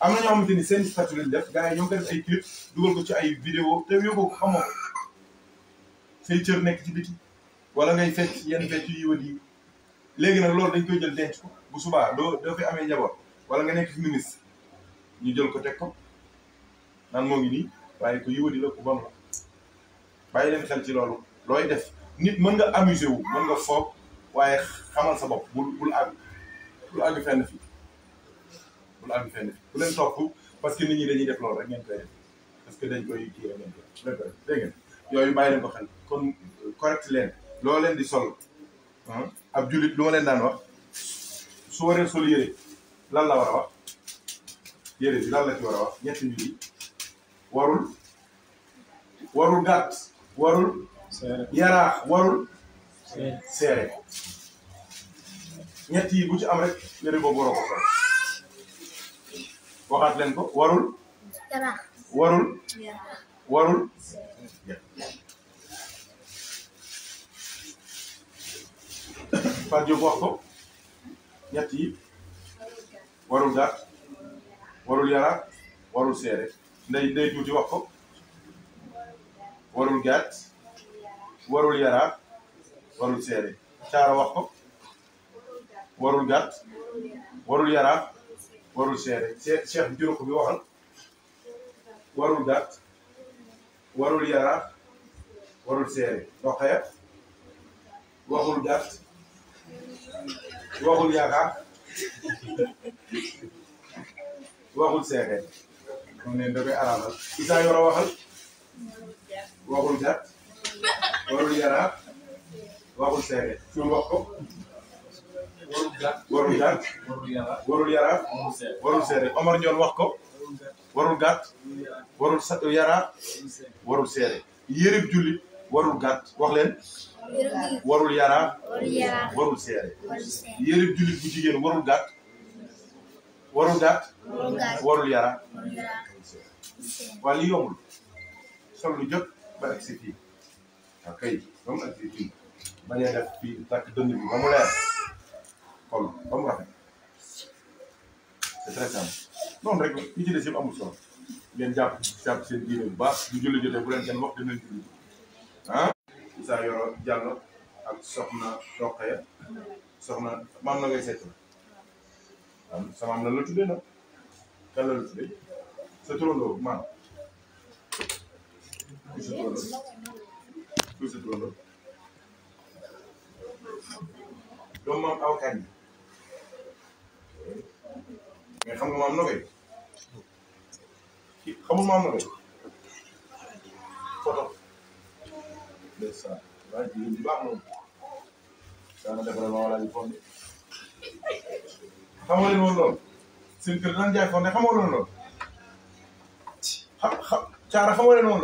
S1: am na ñoo xamante ni seen statut lañ def gars il ñoo ngi def ay clip ko ci ay vidéo te ko xamoo say cër nekk ci biti wala ngay fecc yenn fecc yi y léegi loolu dañ koy jël denc bu subaa doo fi amee njaboot wala nga nekk ministre ñu jël ko teg ngi ko la ku ci loolu looy def nit mën nga amuser wu mën nga foog waaye xamal sa bopp bul bul àgg bul àgg fenn fii bul àgg fenn fii bu leen topp parce que nit ñi dañuy def loolu rek ngeen koy def parce que dañ koy kii rek ngeen koy def dégg ngeen yooyu bàyyi leen ko xel kon euh, correct leen loo leen di sol ah, ab jullit lu ma leen daan wax su waree sol yére lan la war a wax yére bi lan la ci war a wax ñetti ñu warul warul gàtt warul yaraax warul seere ko ñett yi bu ci am rek yëre boobu waroo ko sol waxaat leen ko warul warul warul Fatou Diop wax ko ñett warul gàtt warul yaraax warul seere nday day tuuti wax warul gàtt warul yaraax warul seere caaro wax ko warul gàtt warul yaraax warul seere cheikh juruq bi waxal warul gàtt warul yaraax warul seere doxee waxul gàtt waxul yaraax waxul seere moom ne da koy araamal isaa yor a waxal waxul gàtt warul yara waxul seere ñu wax warul seere Omar Ndiol wax ko. warul gàtt. warul sa yara. warul seere yërëb jullit warul gàtt wax leen. warul yara warul seere yërëb jullit bu jigéen warul gàtt. warul gàtt. warul yara. waa sol lu jëp ba si fii. waaw kay ba mu agsi fii bañ a def fii takk dënn bi ba mu leer xool ba mu rafet c'est très noonu rek li ci des yëpp amul solo ngeen jàpp jàpp seen diine bu baax bu julli jotee bu leen kenn wax dinañ julli ah Issa Yoro Diallo ak soxna Rokhaya maam na ngay seet la sama na la tuddee nag kan la kuy sa turandoo doomu maam awkaat yi mais xam nga maam nogay xamul maam nogay photo ndeysaan waaye jigéen bu baax noonu daana ma wala ji fonde xamoo leen woon jaay fonde xamoo leen loolu xam xam caara xamoo leen woon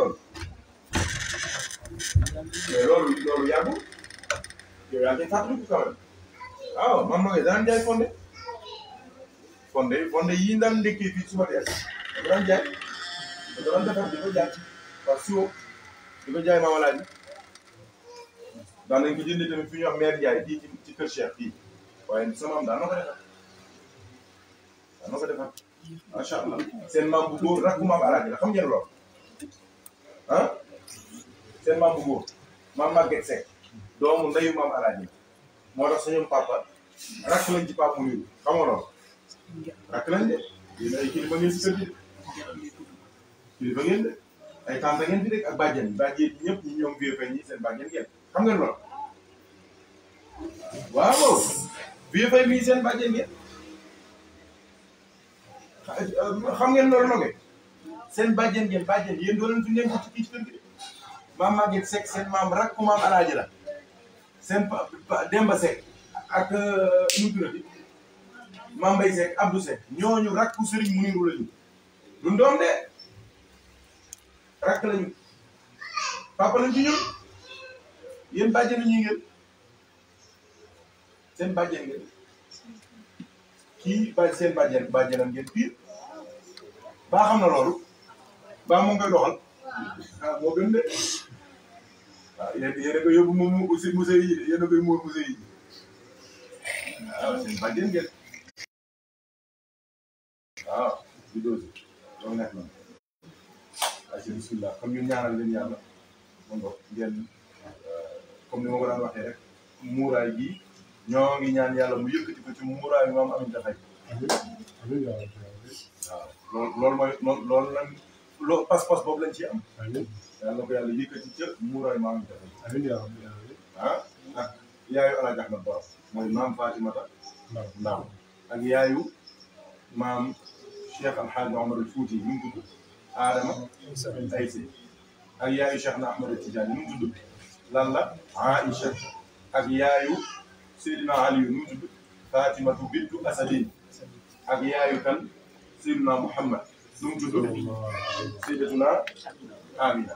S1: mais loolu loolu yàggul yow yaa ngi fàttaliku quand même waaw man ma ngi daan jaay fonde fonde fonde yi ñu daan ndékkee fii suba teel dafa daan jaay dafa daan defar di ko jaay par siwo di ko jaay maama laaj daan nañ ko jëndee tamit fi ñuy wax mère Ndiaye fii ci ci kër Cheikh fii waaye sama am daan na ko defar daan na ko defar macha allah seen maam bu góor rakku maam la xam ngeen loolu ah. seen maam bu góor maam Maguette Seck doomu ndeyu maam alaaji moo tax suñu papa rakk lañ ci papa Mouride xam nga loolu rakk lañ de kilifa ngeen si kër gi kilifa ngeen de ay tànta ngeen fi rek ak bàjjen bàjjen ñëpp ñoom vieux fay ñi seen bàjjen ngeen xam nga loolu waaw ngeen euh, seen bàjjen ngeen bàjjen yéen doo leen fi nekk ci kii ci kër gi mama Maguette sek sen mam rak ko mam alaji la sen Demba sek ak eh, nu mu mam bay sek abdou sek ñoñu rak rakku Serigne Mouniru lañu du ndom de rak lañu papa lañu ci ñu yeen bàjjenu ñu ngeen sen bàjjen ngeen ki ba seen bàjjen bàjjenam ngeen pi ba xamna lolu ba mo ngi doxal ah gën de waaw yéen yéen a koy yóbbu moom aussi musée yi yéen a koy muur yi waaw seen bàjjen ngeen waaw di doosi loolu nekk na waaye seen bisimilah comme ñu ñaanal leen yàlla moom boog ngeen comme ni ma ko daan waxee rek muuraay gi ñoo ngi ñaan yàlla mu yëkkati ko ci muuraay bi maam Aminta Faye waaw loolu loolu mooy lan loo pas-pas boobu lañ ciy am yàlla na ko yàlla yëkkati ca muuraay maam jafe yi. amiin yaa rabbi ah ak yaayu Alaaji Ahmad Baro mooy maam Fatimata Ndaw ak yaayu maam Cheikh Alxaaji Omar al Fuuti yi mu tudd Adama Aysi ak yaayu Cheikh na Ahmad al Tijaani yi mu tudd lan la Aïcha ak yaayu Seydina Aliyu mu tudd Fatimatu bintu Asadin ak yaayu kan Seydina Muhammad nu mu tudd Seydatuna Amina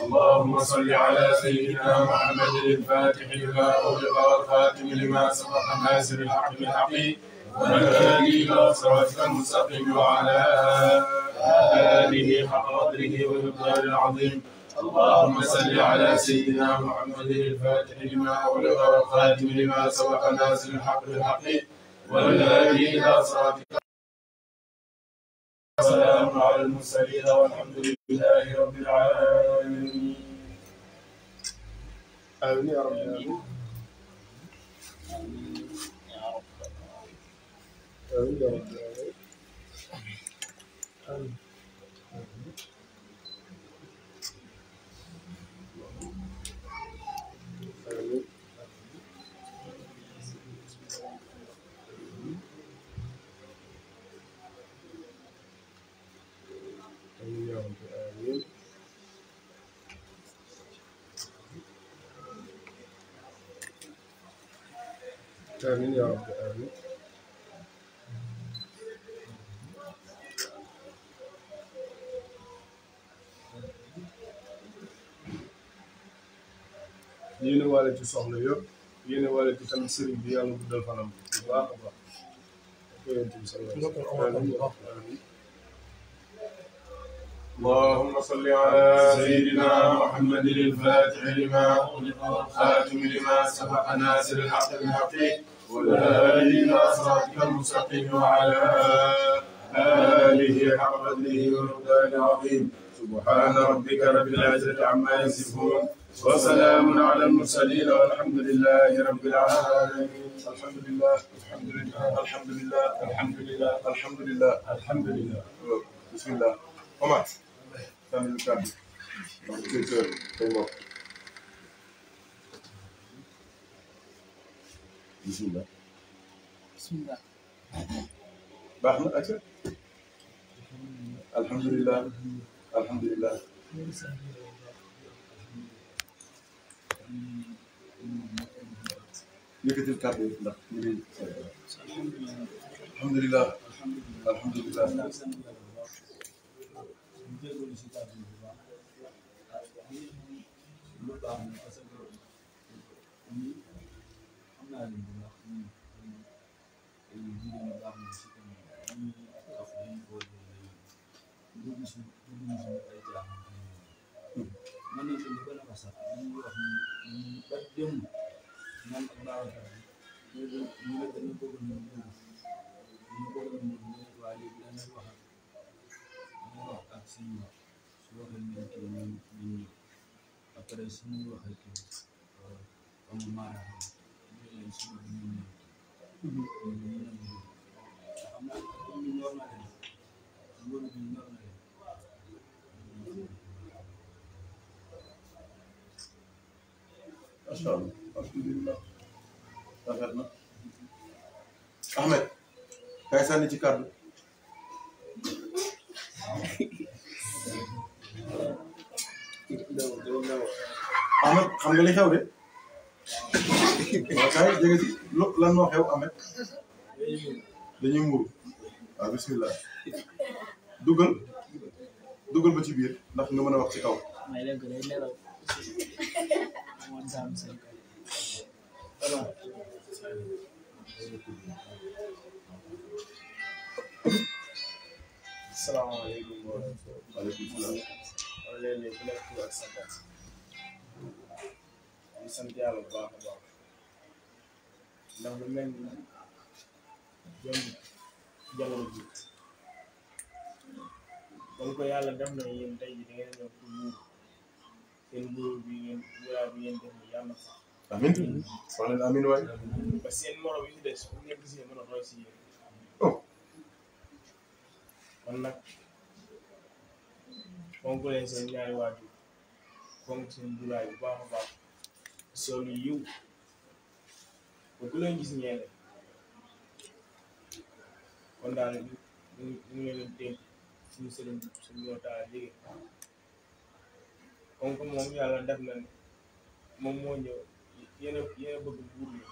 S2: اللهم صل على سيدنا محمد الفاتح لما أغلق والخاتم لما سبق الناصر الحق بالحق والهادي إلى صراطك المستقيم وعلى آله حق قدره ومقداره العظيم اللهم صل على سيدنا محمد الفاتح لما أغلق والخاتم لما سبق الناصر الحق بالحق والهادي إلى صراطك
S5: السلام على المرسلين والحمد لله رب
S3: العالمين Amin ya Rabbi Amin Amin ya Rabbi Amin Amin
S2: Amin ya Rabbi. Amin.
S1: yéene waale ci soxla yëpp yéene waale ci tamit sëriñ bi yàlla guddal fanam bu baax a اللهم صل على سيدنا محمد الفاتح لما أغلق والخاتم لما سبق ناصر الحق بالحق والهادي إلى صراطك المستقيم وعلى
S2: آله حق قدره ورضاه العظيم سبحان ربك رب العزة عما يصفون وسلام على المرسلين والحمد
S3: لله رب العالمين الحمد لله الحمد لله الحمد
S1: لله الحمد لله الحمد لله الحمد لله بسم الله ومات كامل بسم الله بسم الله باحنا أكل الحمد لله الحمد لله يكتب الكابل لا الحمد لله الحمد لله
S3: الحمد لله jégalu si kàddu bu baax lu baax la parce que ñun xam naa leen bu baax ñun ñun jigéen ñi baax nañ si tamit ñun kaf dañu boole ñu dugg si dugg ñu suñu ay abasinga sobola emiti minyo apara esinga hati omumara esinga
S1: minyo Ahmed, kaysani ci kaddu Ahmed xam nga li xew de. waaw ci lan moo xew Ahmed. dañuy muur waaw bisimilah. dugal dugal ba ci biir ndax nga mën a wax
S4: ci kaw.
S2: salaamaaleykum waaleykum salaam. xam leen ne ku nekk tur ak bu baax baax ndax lu mel ji kon ko yàlla def na yéen tey ji da ngeen ñëw pour muur seen nguur bi ngeen nguuraa bi yàlla sax. amiin
S1: soxna na amiin waay.
S2: ba des pour ñëpp si mën a roy si yéen. kon nag. fonk sen seen ñaari waajur fonk seen juraay baax baax sol yiw ba ku leen gis ñeene kon daal ñu ngi leen dénk suñu sëriñ suñu ñoo jege
S4: kon ko moom yàlla
S2: def na ne moom moo ñëw yéen a yéen bëgg buur yi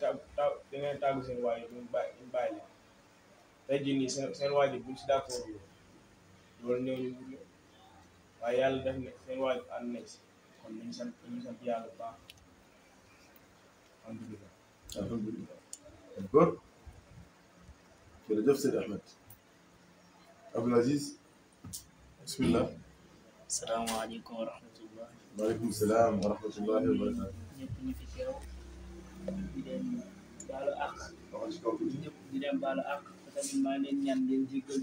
S2: ta ta da ngeen tàggu seen waajur ñu bàyyi ñu bàyyi leen tey jii nii seen si d'accord yow loolu néew ñu julli waaye yàlla def ne seen waajur ànd nañ si kon nañu sant nañu sant yàlla bu baax
S1: alhamdulilah
S3: alhamdulilah d'accord
S1: jërëjëf Seydi Ahmed Abdoul Aziz
S4: bismillah salaamaaleykum wa rahmatullah
S1: waaleykum salaam wa rahmatullah wa barakatu
S4: ñëpp ñu fi teew di leen baalu àq ñëpp tamit maa leen ñaan leen jéggal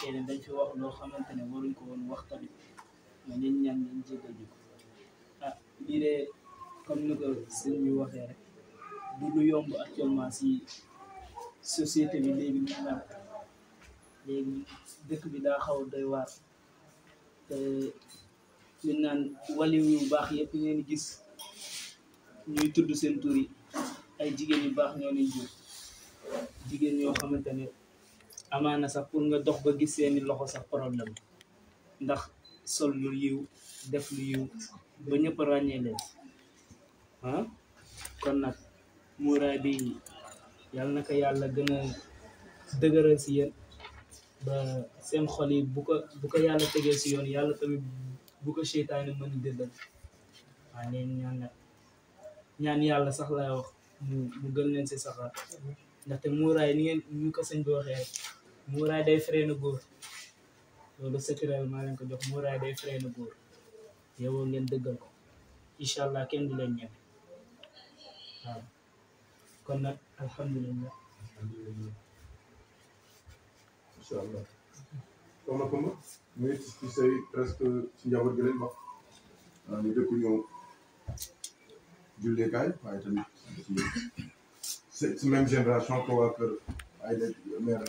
S4: xëy dañ fi wax loo xamante ne waruñ ko woon wax tamit mais ñun ñaan nañ jégal ñu ko ah lii de comme ni ko sëñ waxee rek lu yomb actuellement si société bi léegi ñu naan léegi dëkk bi daa xaw doy waar te ñu naan waliw yu baax yëpp ngeen gis ñuy tudd seen tur ay jigéen yu baax ñoo leen jur jigéen ñoo xamante amaana sa pour nga dox ba gis seeni loxo sax problème ndax sol lu yiw def lu yiw ba ñëpp ràññee leen ah kon nag muuraay bi yàlla na ko yàlla gën a dëgëral si yéen ba seen xol yi bu ko bu ko yàlla tegee si yoon yàlla tamit bu ko seytaane mën a dëddal waa leen ñaan nag ñaan yàlla sax lay wax mu mu gën leen si saxaar ndaxte muuraay ni ngeen ñu ko sëñ bi waxee muuraay day freinu góor loolu secret maa leen ko jox muuraay day freinu góor yowoo ngeen dëggal ko incha allah kenn du leen ñeme waaw kon nag alhamdulilah alhamdulilah
S1: incha allah soxna Koumba mu ngi ci say presque ci njaboot gi leen wax waaw ñu dëkku ñëw julleekaay waaye tamit ci même génération ko waa kër ay maire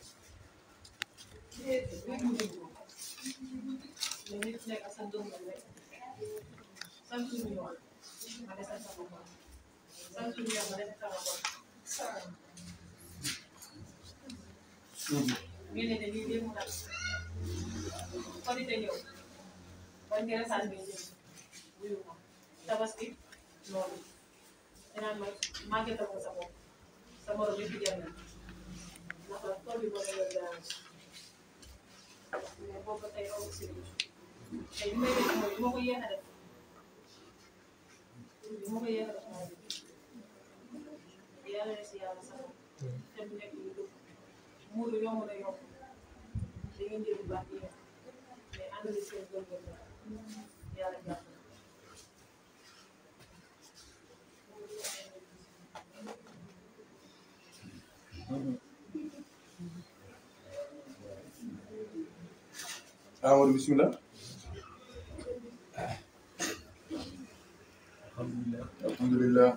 S4: Gracias. boobu tey aw si tey li may def mooy li ma ko yéex a def li ma ko yéex a def mooy yàlla na si yàlla sax te mu nekk lu dëgg muuru yomb na yomb da ngeen jël bu baax yéen mais ànd na seen góorgóorlu yàlla jàpp
S1: Mm-hmm. Amadou ah, bisimilah.
S3: alhamdulilah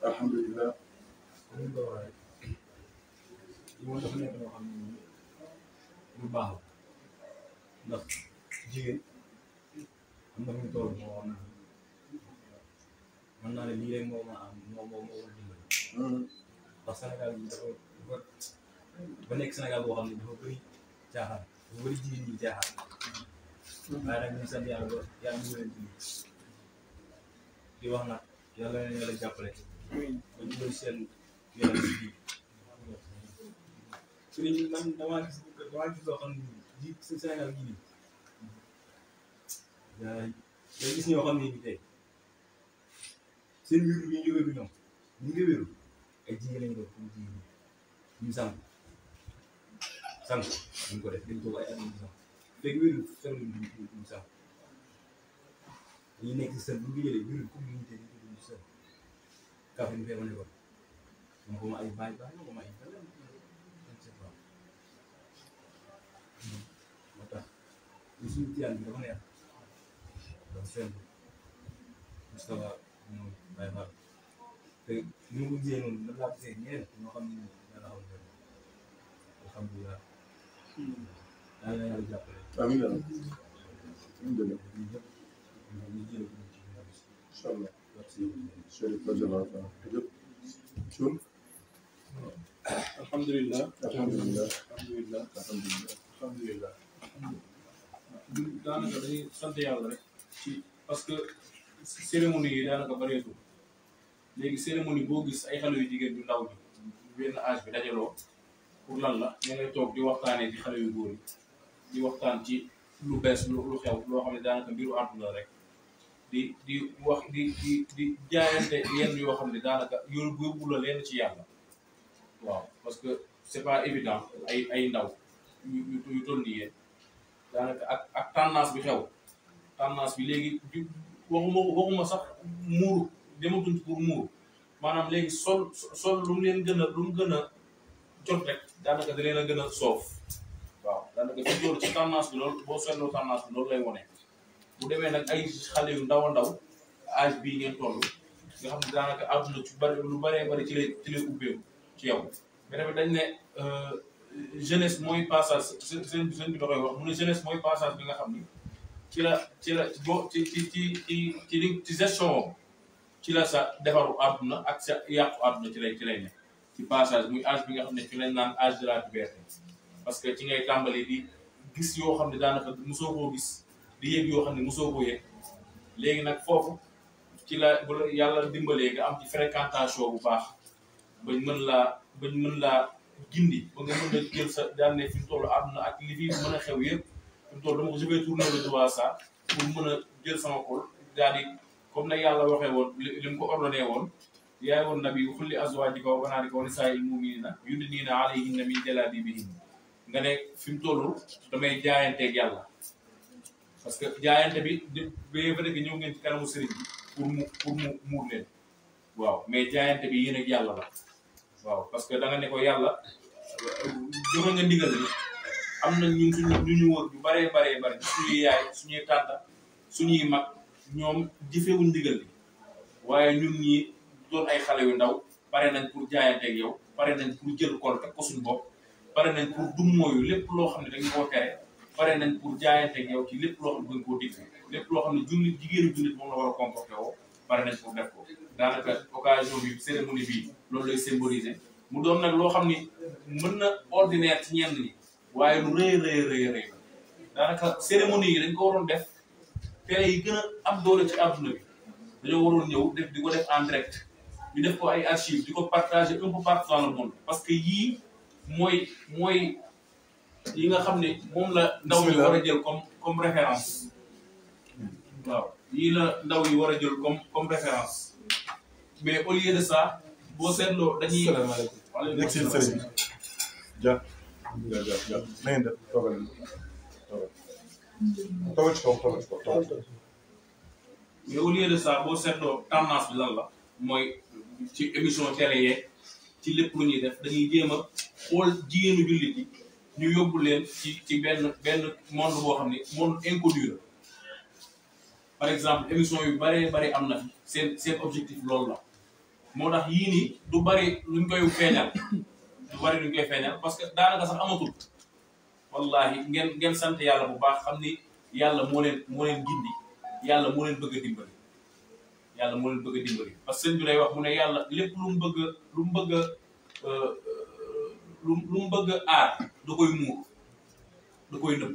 S3: alhamdulilah. lu baax la ndax jigéen am hmm. na mu toll moo wax na mën naa ne lii rek moo ma am moo moo moo dimbali ndax Sénégal bi dafa dafa ba nekk Sénégal boo xam ne dafa bëri caaxaan ñu bëri jigéen ñi jaaxal waaye nag ñu sant yàlla ba yàlla ñu leen di wax nag yàlla na yàlla jàppale ba ñu bëri seen yoon bi su ne man gis si Sénégal gii nii day ñoo xam ñu jógee sànq duñ ko def duñ toog ay at yu sax léegi wéru sànq duñ sax dañuy nekk sën bu kafin fee ma nekkoon ma ko ma ay baay baay ma ko ma ay dara je ne sais pas moo tax suñu tiyaan bi dafa neex donc seen Moustapha moom Baye Fall te ni ma ko gisee noonu dafa laa gisee ñeneen ñoo xam ne dana am alhamdulilah alhamdulilah alhamdulilah alhamdulilah
S6: alhamdulilah parce que cérémonie yi daanaka bareetul léegi cérémonie boo gis ay xale yu jigéen ñu ndaw bi benn âge bi dajaloo pour lan la ñu toog di waxtaanee ci xale yu góor di waxtaan ci lu bees lu xew loo xam ne daanaka mbiru àdduna rek di di wax di di di jaayante yenn yoo xam ne daanaka yoolu góobu la leen ci yàlla waaw parce que c'est pas évident ay ay ndaw yu yu toll nii yéen daanaka ak ak bi xew tendance bi léegi ju waxuma waxuma sax muuru dematuñ pour muuru maanaam léegi sol sol lu leen gën a lu mu gën a jot rek daanaka da leen a gën a soof waaw daanaka fi jóor ci tendance bi loolu boo seetloo tendance bi loolu lay wone bu demee nag ay xale yu ndaw a ndaw âge bii ngeen toll nga xam ne daanaka àdduna ci bari lu baree bari ci lay ci lay ci yow mais tamit dañ ne euh, jeunesse mooy passage seen seen seen bi da koy wax mu ne jeunesse mooy passage bi nga xam ni ci la ci la boo ci ci ci ci ci ci gestion ci la sa defaru àdduna ak sa yàqu àdduna ci lay ci lay nekk ci passage muy âge bi nga xam ne ci lañ naan âge de la parce que ci ngay tàmbali di gis yoo xam ne daanaka musoo koo gis di yëg yoo xam ne musoo koo yëg léegi nag foofu ci la bu la yàlla dimbalee nga am ci bu baax bañ mën laa bañ mën laa gindi ba nga jël sa daan ne fi mu toll ak li fi mën a xew yëpp fi mu toll dama ko je vais tourner le doigt pour mën a jël sama xol daal di comme na yàlla waxee woon li mu ko ordonné woon. yaa ayyuhan nabiyyu qul xulli azwaajika wa banaatika wa nisaa'il mu'miniina yudniina alayhinna min jalaabiibihinna nga ne fi mu toll damay jaayanteeg yàlla parce que jaayante bi ba fa dëgg ñëw bi pour mu pour mu muur leen waaw mais jaayante bi yéen yàlla waaw parce que da nga ne ko yàlla joxe nga ndigal na ñun suñu ñu ñu wër ñu baree baree bare suñuy yaay suñuy tànta suñuy mag ñoom jëfewuñ ndigal bi waaye ñun ñii doon ay xale yu ndaw pare nañ pour jaayanteeg yow pare nañ pour jël kool teg ko suñu bopp pare nañ pour dummóoyu lépp loo xam ne dañ koo tere pare nañ pour jaayanteeg yow ci lépp loo xam ne dañ koo lépp loo xam ne jullit jigéenu jullit moom la war a comporté woo pare nañ pour def ko daanaka bi cérémonie bi loolu mu doon nag loo xam ni mën na ordinaire ci ñenn ñi waaye lu rëy rëy rëy rëy daanaka cérémonie yi dañ ko waroon def télé yi gën a am doole ci àdduna bi dañoo waroon ñëw di ko def en direct ñu def ko ay archives di ko partager un peu partout dans le monde parce que yii mooy mooy yi nga xam ne moom la ndaw yi war a jël comme comme référence waaw yii la ndaw yi war a jël comme comme référence mais au lieu de ça boo seetloo dañuy. salaamaaleykum waaleykum salaam
S1: ja ja ja ja na ngeen def
S6: au lieu de ça boo seetloo tendance bi lan la mooy. ci émission télé yee ci lépp lu ñuy def dañuy jéem a xool jigéenu jullit yi ñu yóbbu leen ci ci benn benn monde boo xam ne monde inconnu la par exemple émission yu bëree bëri am na fi seen seen objectif loolu la moo tax yii nii du bëri luñ koy feeñal du bëri luñ koy feeñal parce que daanaka sax amatul wallahi ngeen ngeen sant yàlla bu baax xam ni yàlla moo leen moo leen gindi yàlla moo leen bëgg a yàlla moo leen bëgg a parce que sëñ bi day wax yàlla lépp lu mu bëgg lu mu bëgg a euh, lu mu bëgg a aar da koy muur da koy nëbb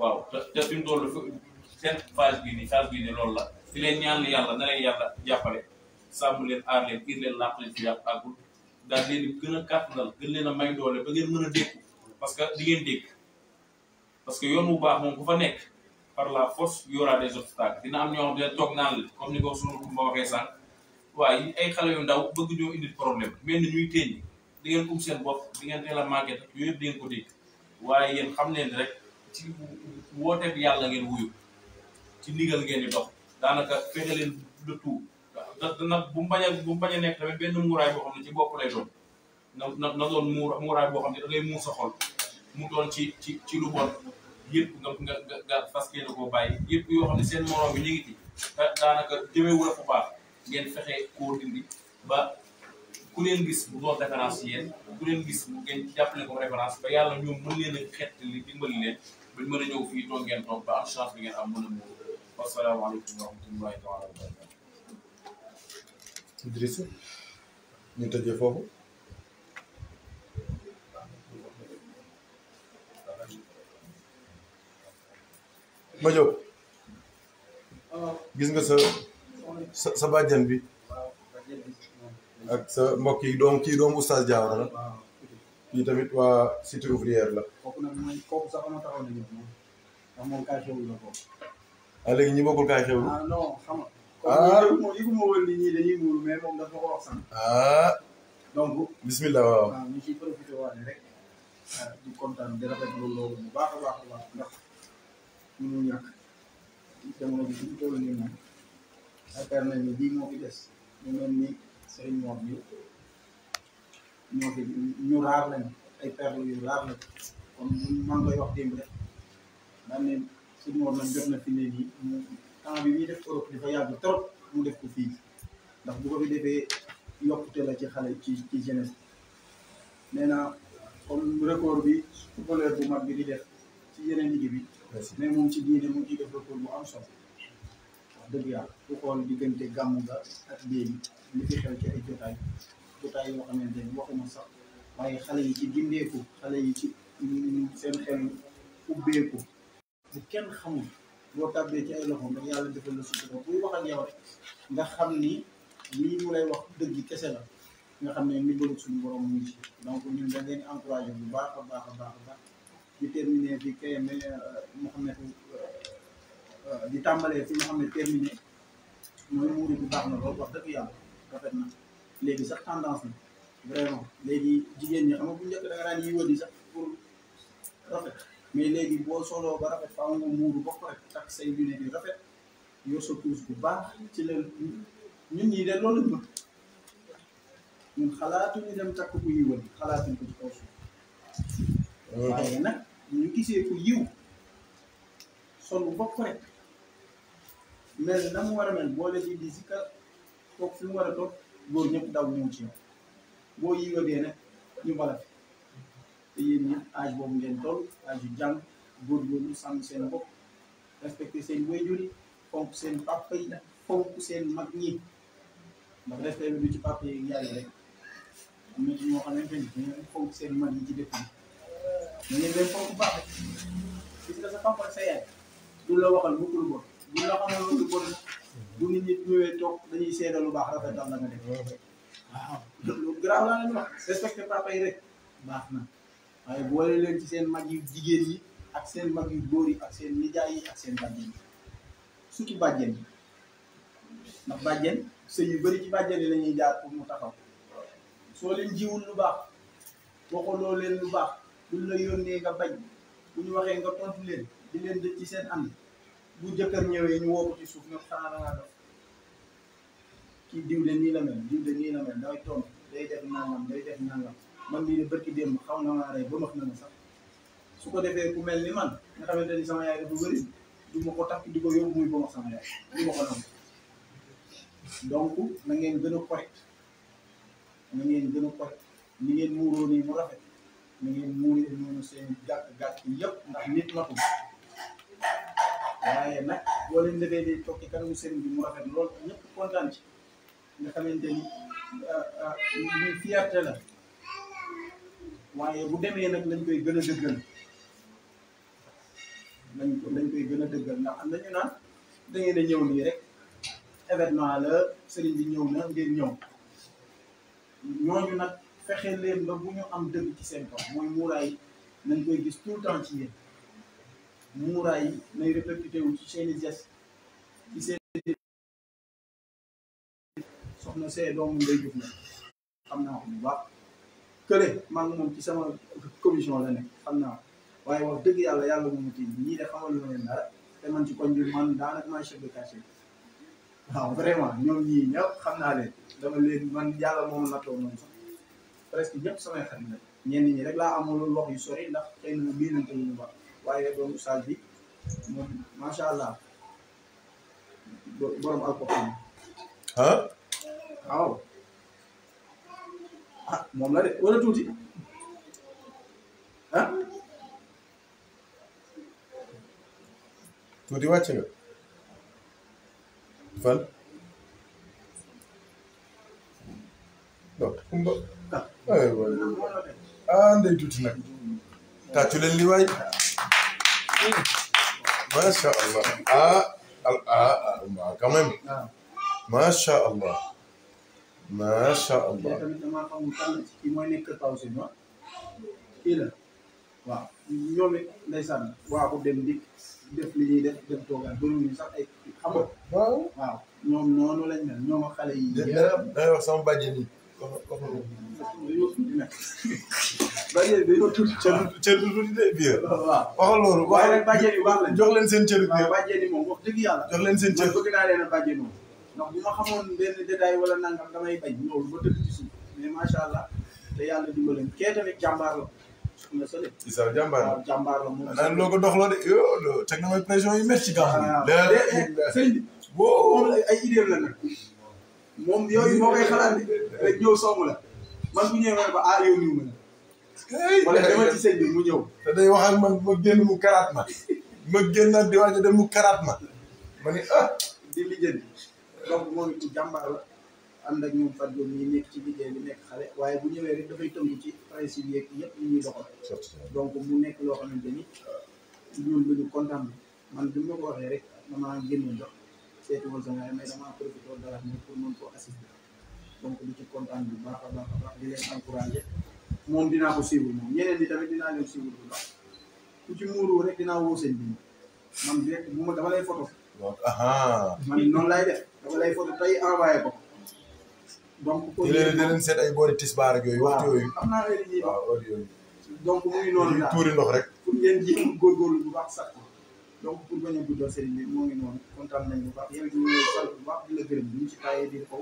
S6: waaw te te fi mu bii nii phase bii nii loolu la di leen ñaan yàlla na leen yàlla jàppale sàmm leen aar leen ir leen làq leen ci yàq àggul daal gën a kàttanal gën leen a may doole ba ngeen mën a dékku parce que di ngeen parce que yoon bu baax moom ku fa nekk par la force y aura des dina am ñoo xam ne toog naan la comme ni ko sunu ma waxee sànq waaye ay xale yu ndaw bëgg ñoo indi problème mel ni ñuy téeñ di ngeen um seen bopp di ngeen teel màgget ak yooyu yëpp di ngeen ko dégg waaye yéen xam leen rek ci woote bi yàlla ngeen wuyu ci ndigal ngeen di dox daanaka fexe leen le tout dana bu mu bañ a bu mu bañ nekk tamit benn muuraay boo xam ne ci bopp lay doon na na na doon muuraay boo xam ne da ngay muur sa xol mu doon ci ci ci lu yëpp nga nga nga fas yéene koo bàyyi yëpp yoo xam ne seen morom bi ñu ngi ci daanaka jëmee wu ngeen fexe koo dindi ba ku leen gis bu doon référence ci yéen ku leen gis ngeen jàppale ko référence ba yàlla ñoom mën leen a xett li dimbali leen bañ mën a ñëw fii toog ngeen toog ba am chance bi ngeen am mën a muur wasalaamaaleykum wa rahmatullahi taala wa barakatu
S1: Idrissa ñu tëjee foofu ma jóg gis nga sa sa sa bàjjan bi ak sa mbokk yi doom kii doomu oustaz Diawara la kii tamit waa cité ouvrière la. ah léegi ñi kaay xewlu. ah, ah. ah. bismillah waaw. Ah, mënul ñàkk jamono bi suñu toll nañ ne bii moo fi des ñu mel ni seen moom bi ñu raar lañ ay perle yu raar lañ kon man koy wax démb rek daan ne suñu moom nag jot na fi ne mu temps bi muy def Europe dafa yàgg trop mu def ko fii ndax bu ko fi defee yokkute la ci xale ci ci jeunesse na comme record bi footballeur bu mag bi di def ci yeneen liggéey bi mais moom ci
S3: diine mu ngi def retour am solo dëgg yàlla ku xool diggante gàmmu ga ak déegi li fi xew ci ay jotaay jotaay yoo xamante ni waxuma sax waaye xale yi ci
S2: gindeeku xale yi ci seen xel ubbeeku bu kenn xamul boo tàbbee ci ay loxo nga yàlla defal la sutura buy wax ak nga xam ni lii mu lay wax dëgg kese la nga xam ne ndimbalu suñu borom mu ngi ci donc ñun dañ leen
S1: encouragé bu baax a baax baax baax di terminer fi KMB euh, Mouhamed euh, euh, di tàmbalee fi nga xam ne terminé mooy muuri bu baax na lool wax dëgg yàlla rafet na léegi sax tendance na vraiment léegi jigéen ñi xam nga bu njëkk da nga daan yi sax pour rafet mais léegi boo soloo ba rafet faaw nga muuru ba ko rek takk say lunettes yu rafet yor sa tuus bu baax ci la ñun ñii de loolu lañ ñun xalaatuñu dem takk bu yiiwal xalaatuñ ko ci kaw suuf waaye nag ñu gisee ko yiw solu bokk rek mel na mu war a mel boole ji di si ka toog fi mu war a toog góor ñëpp daw ñëw ci yow boo yiwee nag ñu bala fi te yéen ñëpp âge boobu ngeen toll âge yu jàng góorgóorlu sàmm seen bopp respecté seen waajur yi fonk seen papa yi fonk seen mag ñi ndax respect bi du ci papa yi ak yaay rek am na ci ñoo xamante ni dañoo fonk seen mag yi ci dëkk bi Ninguém foi ocupado. Gis Kita sa papa sa yaay du la waxal bu lu bon du la xamal lu bon bu nit ñi ñëwee toog dañuy seede lu baax rafetal la nga def waaw lu grave laa leen wax respecté papa yi rek baax na waaye boole leen ci seen mag yu jigéen yi ak seen mag yu góor yi ak seen nijaay jiwul lu lu buñ la yónnee nga bañ bu ñu waxee nga tontu leen di leen dëj ci seen am bu jëkkër ñëwee ñu woo ci suuf nga xanaa nga ngaa dof kii diw de nii la mel diw de nii la mel day tontu day def nangam day def nangam man mii de barki démb
S2: xaw na maa rey ba max na ma sax su ko defee ku mel ni man nga xamante ni sama yaay dafa wëri
S1: du ma ko takk di ko yóbbu muy ba max sama yaay du ma ko nangu donc na ngeen gën a correct na ngeen gën a correct ni ngeen muuroo nii mu rafet mi ngi noonu seen gàtt-gàtt yëpp ndax nit matul
S2: waaye nag boo leen defee di toog ci kanamu sëriñ bi mu rafet lool ñëpp kontaan ci nga xamante ni ñu ah, ah, la waaye
S1: bu demee nag lañ koy gën a dëggal lañ ko lañ koy gën a dëggal ndax am na ñu naan da ngeen ñëw nii rek événement la sëriñ bi ñëw na ngeen ñëw ñooñu nag fexe leen la bu ñu am dëgg ci seen kaw mooy muuraay nañ koy gis tout le temps ci yéen muuraay yi nay
S2: répercuté wu ci seen i ci seen
S1: soxna see doomu ndey jub na xam naa ko bu baax kële maa ngi moom ci sama commission la nekk xam naa waaye wax dëgg yàlla yàlla moomu ti ñii de xamal ma leen dara te man ci koñ man daanaka maa chef de quartier waaw vraiment ñoom ñii ñëpp xam naa leen dama leen man yàlla moom nattoo noonu sax presque ñëpp samay xarit la ñenn rek laa amul wax yu sori ndax xëy na miinante wu ñu ba waaye doomu Saal moom macha allah borom alkool. ah. waaw. ah moom la de wala tuuti ah. tuuti wàcc nga. fan. donc. aywa ah ndey tuuti nag tàccu leen li waay macha allah ah ah ah quand même macha allah macha allah. kii la waaw ñoom it ndeysaan waa ko dem dikk def li ñuy def dem toogaan bëriwuñu sax ay xam nga waaw ñoom noonu lañ mel ñoom xale yi. yëpp wax sama bàjjen yi. bàjjëli dañoo tuuti. waaw cër du tuuti day biir. waaw waxal loolu. waaye nag bàjjëli baax la jox leen seen cër biir. waaw bàjjëli moom wax dëgg yàlla. jox leen seen cër man bëgg naa leen a bàjjëli moom. ndax bu ma xamoon benn détail wala nangam damay bañ loolu ba dëgg ci suuf mais macha allah te yàlla dimbali leen kee tamit jàmbaar la. na sële. Issa jàmbaar la waaw jàmbaar la moom. naan loo ko doxaloo de yow teg na mooy pression yu métti ci gàllankoor. waaw waaw sëñ bi. boo ay idée la nag. moom yooyu moo koy xalaat rek ñëw song la man bu ñëwee ba ah yow nii ma wala dama ci sëñ bi mu ñëw. te day wax ak man ma génn mu karaat ma ma génnaat di wàññi dem mu karaat ma ma ni ah. di liggéey donc moom ci jàmbaar la ànd ak ñoom Fatou Diop ñi nekk ci liggéey bi nekk xale waaye bu ñëwee rek dafay tënku ci principe yeeg yëpp yi ñuy doxal. donc mu nekk loo xamante ni ñun du ñu kontaan man bi ma ko waxee rek damaa génn jox. seeti woon sama mais damaa profité woon dara donc di ci kontaan bi baax a baax a baax di leen encouragé moom dinaa ko suivre moom ñeneen ñi tamit dinaa leen suivre bu baax ku ci rek dinaa woo bi man direct bu ma dama lay photo man noonu lay def dama lay photo tey envoyé ko donc di leen di leen seet ay boori tisbaar yooyu waxtu yooyu am naa heure yii donc mu ngi noonu daal tuuri ndox rek baax sax donc pour bañ a guddal sëriñ moo ngi noonu kontaan nañ bu baax yow ñu ngi sant bu la gërëm ci taayee di ko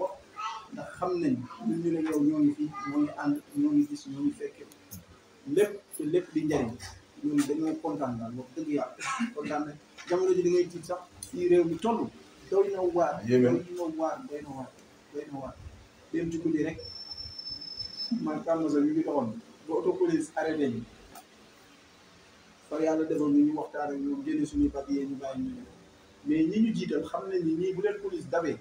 S3: ndax xam nañ ñun ñu ne yow ñoo ngi fi ñoo ngi ànd ñoo ngi gis ñoo ngi fekke lépp te lépp di njëriñ ñun dañoo kontaan daal wax dëgg yàlla kontaan nañ jamono ji
S1: da ngay tiit sax fii réew mi toll doy na waar doy na waar doy na waar rek man kàmm sa ñu ngi doxoon ba auto police arrêté par yàlla ñu waxtaan ak mais ñi ñu xam nañ ni bu police dabee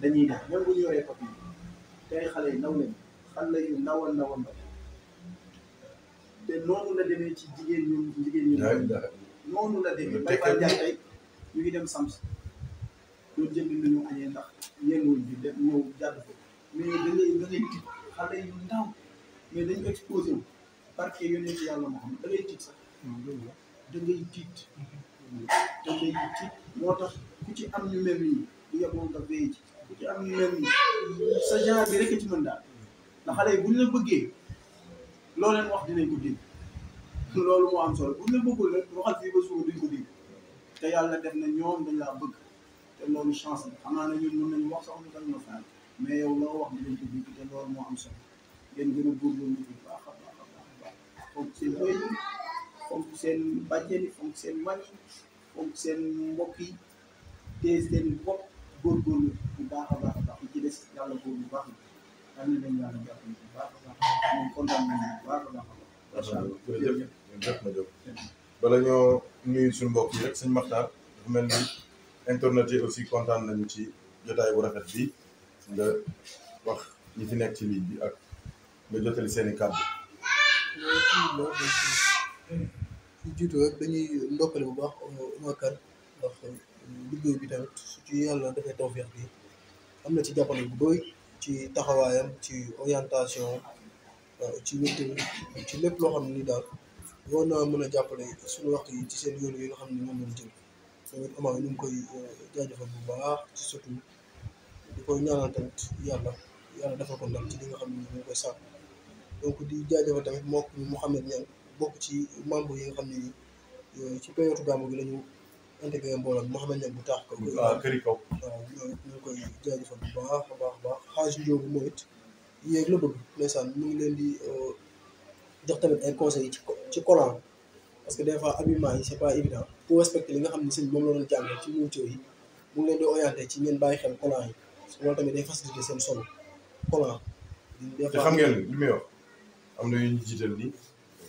S1: dañuy même bu ñu yoree sams mais da ngay tiit da ngay tiit moo tax ku ci am ñu mel nii bu yeboo nga béy ci ku ci am ñu mel nii sa genre bi rek ci mën daal ndax xale yi buñ la bëggee loolu leen wax dinañ guddi loolu moo am solo buñ la bëggul rek waxal fii ba te yàlla def
S3: na ñoom dañ laa bëgg te loolu chance la xam naa ne ñun wax sax ñu mais yow wax dinañ ko moo am solo ngeen gën a góorgóorlu bu baax a baax
S1: baax fonk seen bàjjeni fonk seen mag yi fonk seen
S3: mbokk yi te seen bopp góorgóorlu bu baax a baax
S1: a bala ñoo nuyu suñu mbokk yi rek suñu maxtaar dafa mel ni internet yi aussi kontaan nañu ci jotaay bu rafet bi nga wax ñi fi nekk ci ligne bi ak nga jotali seen i
S4: ci jiitu rek dañuy ndokkale bu baax Omar Kane ndax bi tamit su ci yàlla dafay tawfeex bi am na ci jàppale bu bëri
S1: ci taxawaayam ci orientation ci wér ci lépp loo xam ni daal war naa mën a jàppale suñu waxtu yi ci seen yoon yi nga xam ne moom lañ jël tamit Omar ñu ngi koy euh, jaajëfal bu baax ci surtout di koy ñaanal tamit yàlla
S4: yàlla dafa ko ci li xam ne ni koy sàkk donc di jaajëfal tamit mook Mouhamed Niang bokk ci membre yi nga xam ni nii euh, ci période gàmmu gi la ñu intégré mbooloo nañ Mouhamed bu taax ah, kaw waaw këri kaw waaw ñooñu a baax a baax xaaj
S1: Ndiob moom it mu ngi leen di euh, jox tamit ay conseils ci ci Coran parce que des fois habillement yi c' est pas évident pour respecter li nga xam ne sëñ moom la doon ci mutuelle yi mu ngi leen di orienté ci ngeen bàyyi xel Coran yi loolu tamit day faciliter seen solo Coran. te xam ngeen li am na ñu jiital nii.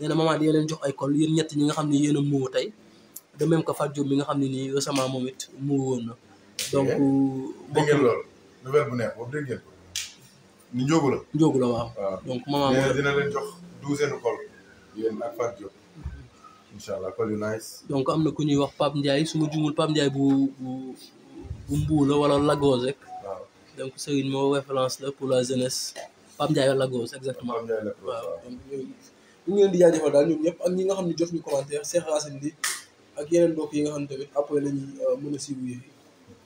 S4: nee na maman dina leen jox ay col yéen ñett ñi nga xam ne yéen a muwu tey de même que Fatou Diop mi nga xam ne nii récemment moom it muwu woon na. donc
S1: dégg loolu nouvelle bu neex boobu dégg ngeen ko ni njóogu la. njóogu la waaw. Ah.
S4: donc maman mooy dina leen
S1: jox douzaine col yéen ak Fatou Diop. incha allah col
S4: yu nice. donc am na ku ñuy wax Pape Ndiaye su ma jumul Pape Ndiaye bu bu bu mbuu la wala Lagos rek. waaw donc Serigne moo référence la pour la jeunesse Pape Ndiaye Lagos exactement. Pape Ndiaye Lagos waaw. ñu leen di jaajëfal daal ñoom ñëpp ak ñi nga xam ne jot ñu commentaire Cheikh
S1: Racine bi ak yeneen mbokk yi nga xam ne tamit après la ñuy euh, mën a suivre yooyu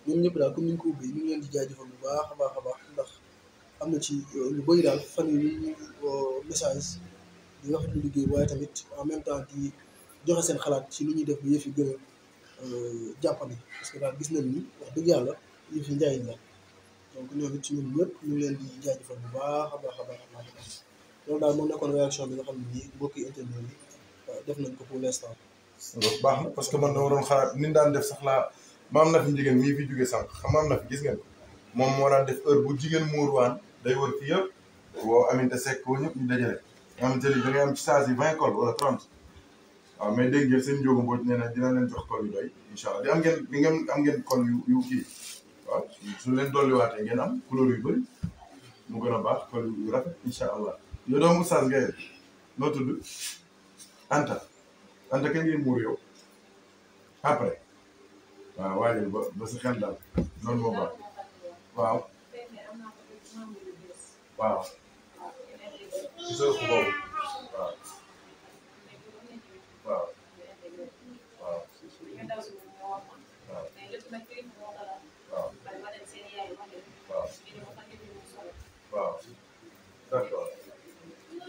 S1: ñoom ñëpp daal comme ni ko ubbee ñu leen di jaajëfal bu baax a baax baax ndax am na ci euh, lu bëri daal fan yi ñu ngi euh, message di nga xam ne liggéey waaye tamit en même temps di joxe seen xalaat ci lu ñuy def bu yëf yi gën a jàppandi parce que daal gis nañ ni wax dëgg yàlla yi fi njariñ la donc ñoom it ci ñoom ñëpp ñu leen di jaajëfal bu baax a baax loolu daal moo nekkoon réaction bi nga xam ne nii mbokki internet bi def nañ ko pour l'instant. loolu baax na parce que man na doon xalaat ni daan def sax laa maam na fi njigéen mii fi jóge sànq xam maam na fi gis ngeen moom moo daan def heure bu jigéen muur waan day wër fii yëpp woo Aminta Seck woo ñëpp ñu dajale. nga xamante ni da am ci na dina leen yu doy incha allah di am ngeen am ngeen col yu kii waaw su leen dolliwaatee ngeen am couleur yu bëri mu gën a baax col yu rafet incha allah. yow doomu Oustaz Gaye noo tudd Anta Anta kañ ngeen muur yow après waaw waaw waaw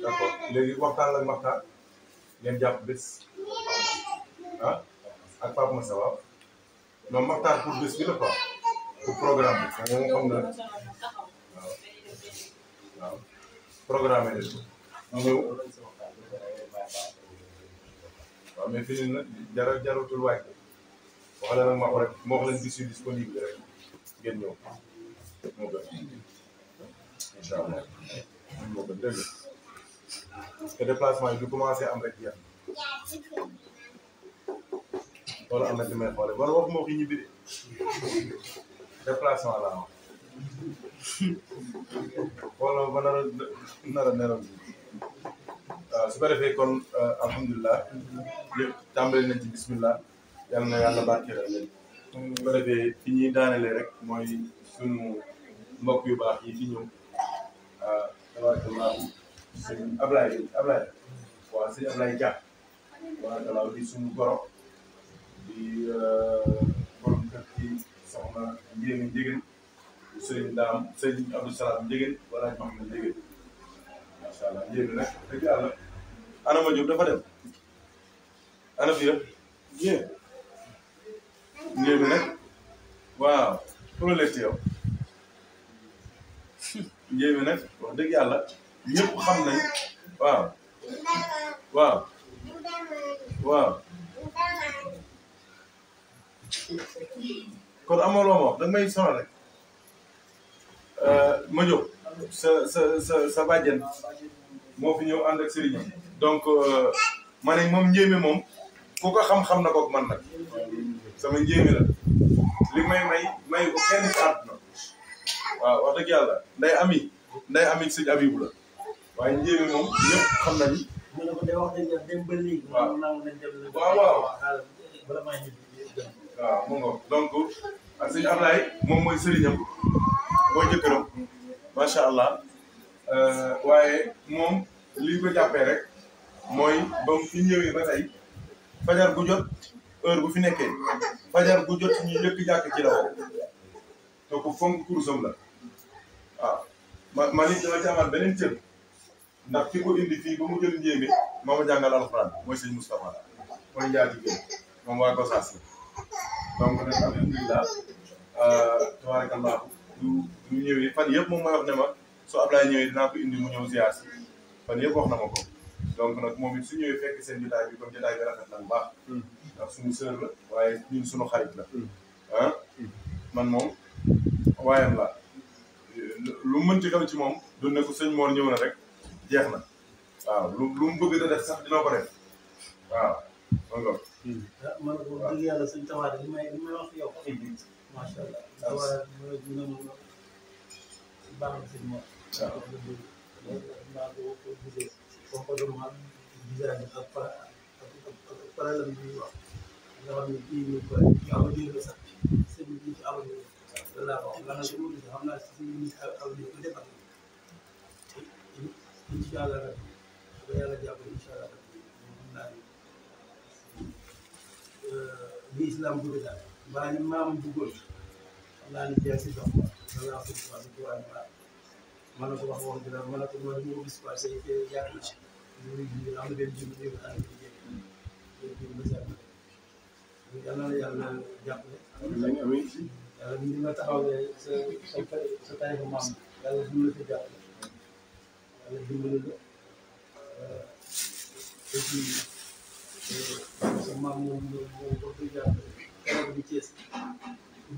S1: d'accord léegi waxtaan ak waxtaan ngeen jàpp bés ah ak Pape Moussa waaw non waxtaan pour bés bi la quoi pour programme bi xam nga moom xam nga waaw waaw programme bi ñu ñëw rek ma leen bis disponible rek ngeen ñëw moo gën incha allah moo gën dëgg parce que déplacement yi du commencé am rek jeex wala am na li may xoolee wala waxuma waxi ñibbi déplacement laa wax wala ma nar a nar a neral waaw su ko defee kon euh, alhamdulilah lépp tàmbali ci bismillah yal na yàlla barkeelal yu baax yi fi ñëw sëñ Ablaye Ablaye waaw sëñ Ablaye Dia waaw dalaaw di suñu goro di euh, borom kër ci soxna Ndiémi Ndiéguène sëñ Daam sëñ Abdou Salam Ndiéguène wala Mouhamed Ndiéguène macha allah Ndiémi nag dëgg yàlla ana ma jóg dafa dem ana fi yëpp bien Ndiémi nag waaw problème ci yow Ndiémi nag wax dëgg yàlla. ñëpp xam nañ waaw waaw waaw kon amoo loo ma wax danga may sonal rek euh, ma sa sa sa sa bàjjen moo fi ñëw ànd ak sëriñ donc euh, ma ne moom njéeme moom ku ko xam-xam na kook man nag sama njéeme la li may may may ko kenn ci àdduna waaw wax dëgg yàlla nday ami nday ami sëñ abibu la waaye njéeréer moom ñëpp xam nañu. ñu ne
S2: ko de wax dëgg dem ba léegi.
S1: waaw moom mooy sëriñam mooy jëkkëram macha allah euh, waaye moom li ko jàppee rek mooy ba mu fi ñëwee fajar bu jot heure bu fi nekkee fajar bu jot ñu yëkk jàkk ci la woo te la waaw man man it dama ci ndax ki ko indi fii ba mu jël njéeme moo ma jàngal alxuraan mooy sëñ Moustapha mooy njaati jé moom waa Gosaas yi donc nag alhamdulilah euh, ñëwee fan yëpp moom mooy wax ne ma su Ablaye ñëwee dinaa ko indi mu ñëw ziar si fan yëpp wax na ma ko donc nag moom it su ñëwee fekk seen jotaay bi comme jotaay bi rafet na bu hmm. ndax suñu sœur la waaye ñun suñu xarit la hmm. ah hmm. man moom waayam la lu mënti xew ci moom doon ne ko sëñ Mor ñëw na rek jeex na waaw lu lu mu bëgg da def sax dina ko def waaw. waaw hmm.
S3: ah, man bu dëgg yàlla suñu tawaare li may li may wax yow. macha allah tawaare bi ma gën a mën a baax na si moom. waaw maa ko gisee comportement bizarre bi ak par ak problème bi ñuy wax nga xam ne kii ñu ko avenir la sax seen bi ci avenir la laa ko wax nga xam ne xam naa si suñu ministre avenir ko defal incha allah rek ba yàlla jàppale incha allah rek mun naa ni li islam bëgg daal mbaa maam bëggoon xam naa ma danaa wax ci waa mbaa la yàlla dimbali la aussi sa maam moom moom wax dëgg yàlla keroog bi Thiès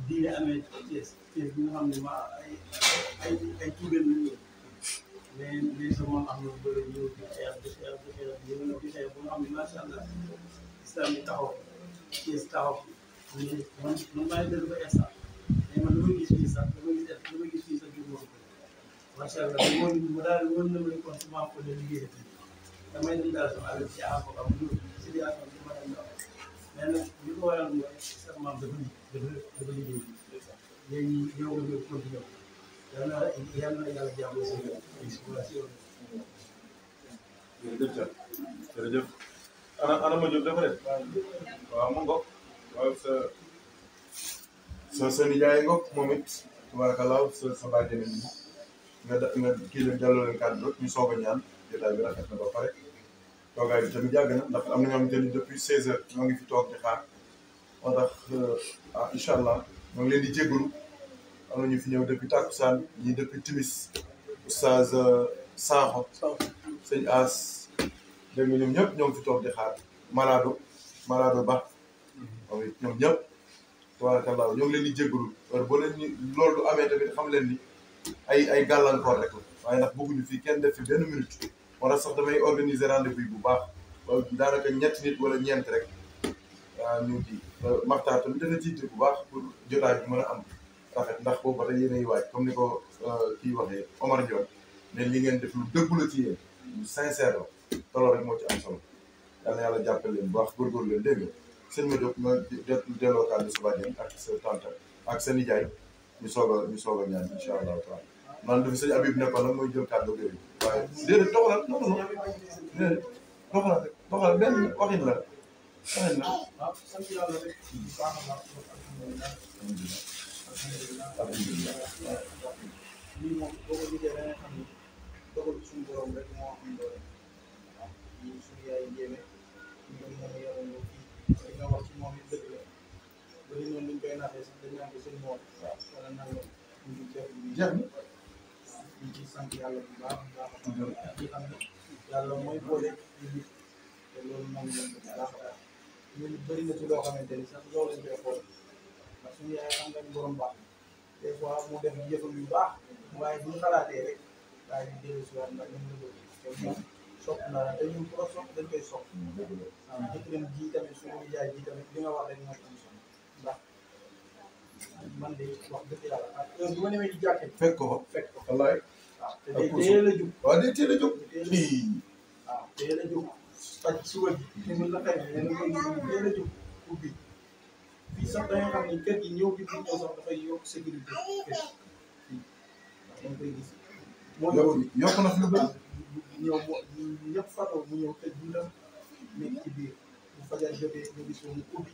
S3: diine amee Thiès bi nga xam ne maa ay ay ay tuubeen la ñu mais mais sa maam am na bëri ñëw di xeex di xam ne macha allah islam yi taxaw Thiès taxaw mais man man maa ngi dellu ba instant mais gis fii sax lu ma gis macha allah mu mu daal wóor na ma ne kon semence boobu la liggéeyal damay dem daal sama alal ci àll ba am lu ci biir àll bi ma dem ndaw mais nag li ko waral mooy semence dafa dafa dafa liggéey léegi yow nga ñëw continué ko yal na yal na yàlla jàppale sa yow. jërëjëf Thiam jërëjëf
S1: ana ana ma jóg dafa de waaw mu ngoog waaw sa sa sa nijaay ngoog moom it tubaarkalla sa sa bàjjen bi nga da nga kii leen jàlloo leen kàddu ñu soog a ñaan jotaay bi rafet na ba pare toogaay tamit yàgg na ndax am na ñoom xamante ni depuis 16 heures ñoo ngi fi toog di xaar moo tax euh, ah incha allah ñoo ngi leen di ñu fi ñëw depuis takkusaan ñii depuis timis oustaz euh, Sakho sëñ As dégg nga ñoom ñëpp ñoo fi toog di xaar Malado Malado Ba moom it ñoom ñëpp tabarakallah ñoo ngi leen di jégalu heure boo ni loolu amee tamit xam leen ni. ay ay gàllankoor rek la waaye ndax bëgguñu fii kenn def fi benn minute moo tax sax damay organiser rendez bu baax ba daanaka ñetti nit wala ñeent rek waaw ñu ngi ci Maxtaar tamit dana jiite bu baax pour jotaay bi mën a am rafet ndax boobu ba tey comme ni ko euh, kii waxee Omar Ndiol ne ngeen def lu dëggu ci yéen lu sincère rek moo ci am solo yàlla yàlla jàppale leen bu baax góorgóorlu leen dégg nga sëñ ma jot ma delloo kàddu suba ak sa tante ak sa nijaay. ñu soog a ñu soog a ñaan incha allah taala man dafa sëñ Habib nekkoon nag mooy jël kàddu gi waaye déedéet doxalal non non déedéet doxalal rek doxalal benn waxin la
S3: waxin la. waaw. wala nangam
S1: ñu jeex na ñu ciy sant yàlla bu baax bu baax a baax di xam
S2: ne yàlla mooy boole ñu nit te loolu moom lañ ko baax a baax ñun bëri
S1: na ci loo xamante ni sax loolu lañ koy xool ndax suñu yaay xam nga borom baax des fois mu def jëfam yu baax waaye bu ñu xalaatee rek daa di dellu si waat ndax ñu ngi ko te
S3: moom sopp na la te ñun ku la sopp dañ koy sopp waaw jëkkëram ji tamit suñu jaay ji tamit li nga wax rek mooy man de wax dëgg yàlla parce
S1: que bu ma demee ci jàkkee. fekk ko fekk ko wallaay. waaw ah, te teel a jóg waaw te teel a jóg. waaw teel a jóg. ko teel a jóg ah, ubbi. kër gi ñëw bi bu kër gi. dañ koy na fi lu bëri. ñëw ñëpp fatoo mu ñëw tëj bu ndam nekk ci fajar jotee ñu gis mu ubbi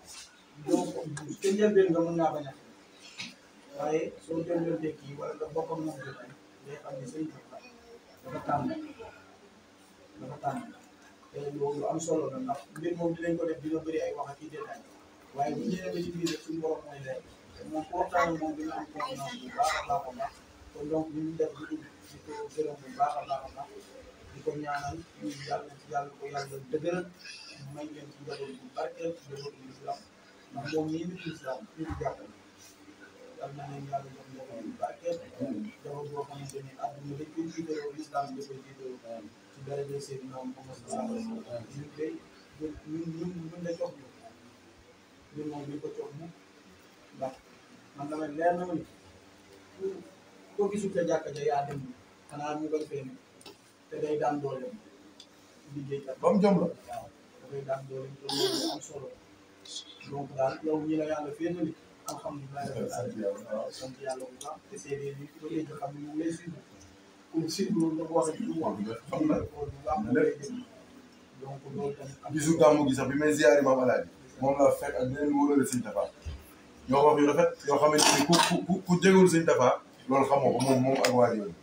S4: doo ko te njëlbeen nga mën naa bañ a waaye soo jëloon tekki wala nga bokk ak moom jotaay day xam ne sëñ bi dafa
S2: tànn dafa tànn te loolu am solo la ndax mbir moom dinañ ko def dina bëri ay wax ak i détail waaye bu ñu ñëwee ci biir rek suñu borom mooy lay moom ku waxtaan moom dina am confiance bu baax a baax a baax kon donc ñu ngi def di ko gërëm bu baax a baax a baax
S3: di ko ñaanal ñu yàlla yàlla ko yàlla dëgëral may leen ci njaboot bu barkeel njaboot bu islam ndax moom mii nit ñi si daal ñu ngi jàppale am na ñooñu yàlla jox ndox mi barkeel. jamono boo xamante ni àdduna dañ koy jiitaloo lislaam dañ koy jiitaloo ci dara des seen ñoom Muhammad sallallahu alayhi wa sallam ñun kay ñun ñun ñun la jox ñu
S4: ñun moom ñu ko jox mu ndax man dama leer na ma ni ko gisul ca jàkka ja yaa dem xanaa ñu koy fee te
S1: day daan dooleem liggéeykat ba mu jom la waaw dafay daan dooleem te am solo donc daal yow ñu la yàlla fenn li alhamdulilah euh, euh, sant yàlla bu baax te seedee gàmmu gi sax bi may ziyaari maam alaaji moom la fekk ak beneen wóorale sëñ Tafa ñoo wax yu rafet yoo xamante ku ku ku jegul sëñ Tafa loolu xamoo ko moom moom ak waa yooyu waaw yu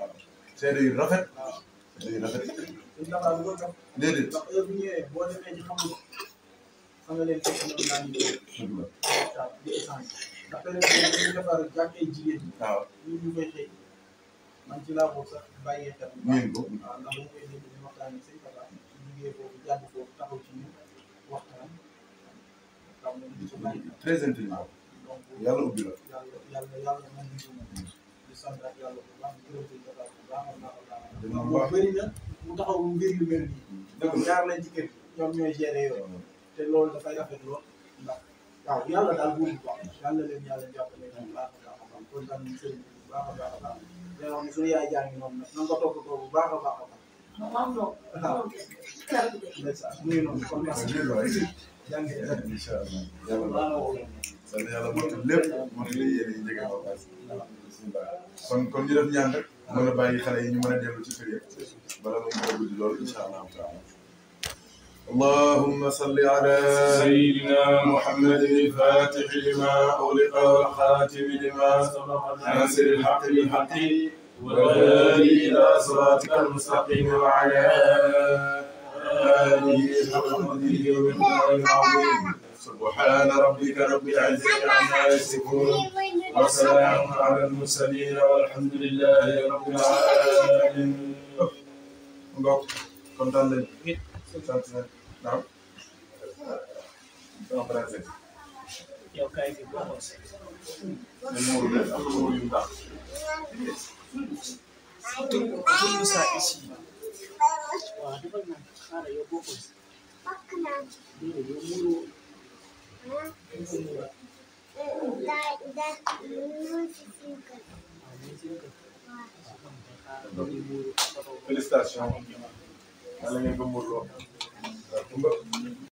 S1: rafet seede yu rafet déedéet fa nga leen fekk noonu laa ñuy waaw di échange ndax ren dañuy defar jàkkee jigéen ñi. waaw ñu ñu koy xëy man ci laa bokk sax bàyyee tam. waaw waaw ndax bu ñu koy déglu di waxtaan ak seen papa liggéey foofu jàng foofu taxaw ci ñun waxtaan.
S3: xam nga li ci bàyyi la très
S1: intelligent. donc yàlla ubbi la.
S3: yàlla yàlla yàlla man ñu ko moom. di sant ak yàlla bu baax di gërëm seen papa bu baax a baax a baax. dina baax
S1: mu bëri na mu taxaw mbir yu mel nii. dëgg la ñoom ñaar lañ ci kër ñoom ñooy gérer yooyu. te loolu dafay rafetloo ndax waaw yàlla daal bu baax yàlla leen yàlla jàppale bu baax baax baax ñu bu baax baax baax suñu yaay bu baax baax baax. اللهم صل على سيدنا محمد الفاتح لما أغلق والخاتم لما سبق ناصر الحق بالحق والهادي إلى صراطك المستقيم وعلى آله حق قدره العظيم سبحان ربك رب العزة عما يصفون
S5: وسلام
S1: على المرسلين والحمد لله رب العالمين. Não?
S3: Então, prazer. Eu caí de boa vocês. Demorou, né? Tudo mundo tá.
S4: Todo mundo sabe isso. Cara, eu vou com isso.
S5: Eu muro.
S4: Eu moro Da, da, não se fica. Ah, não se fica.
S1: Felicitação. Ela é me murou. 啊，我们。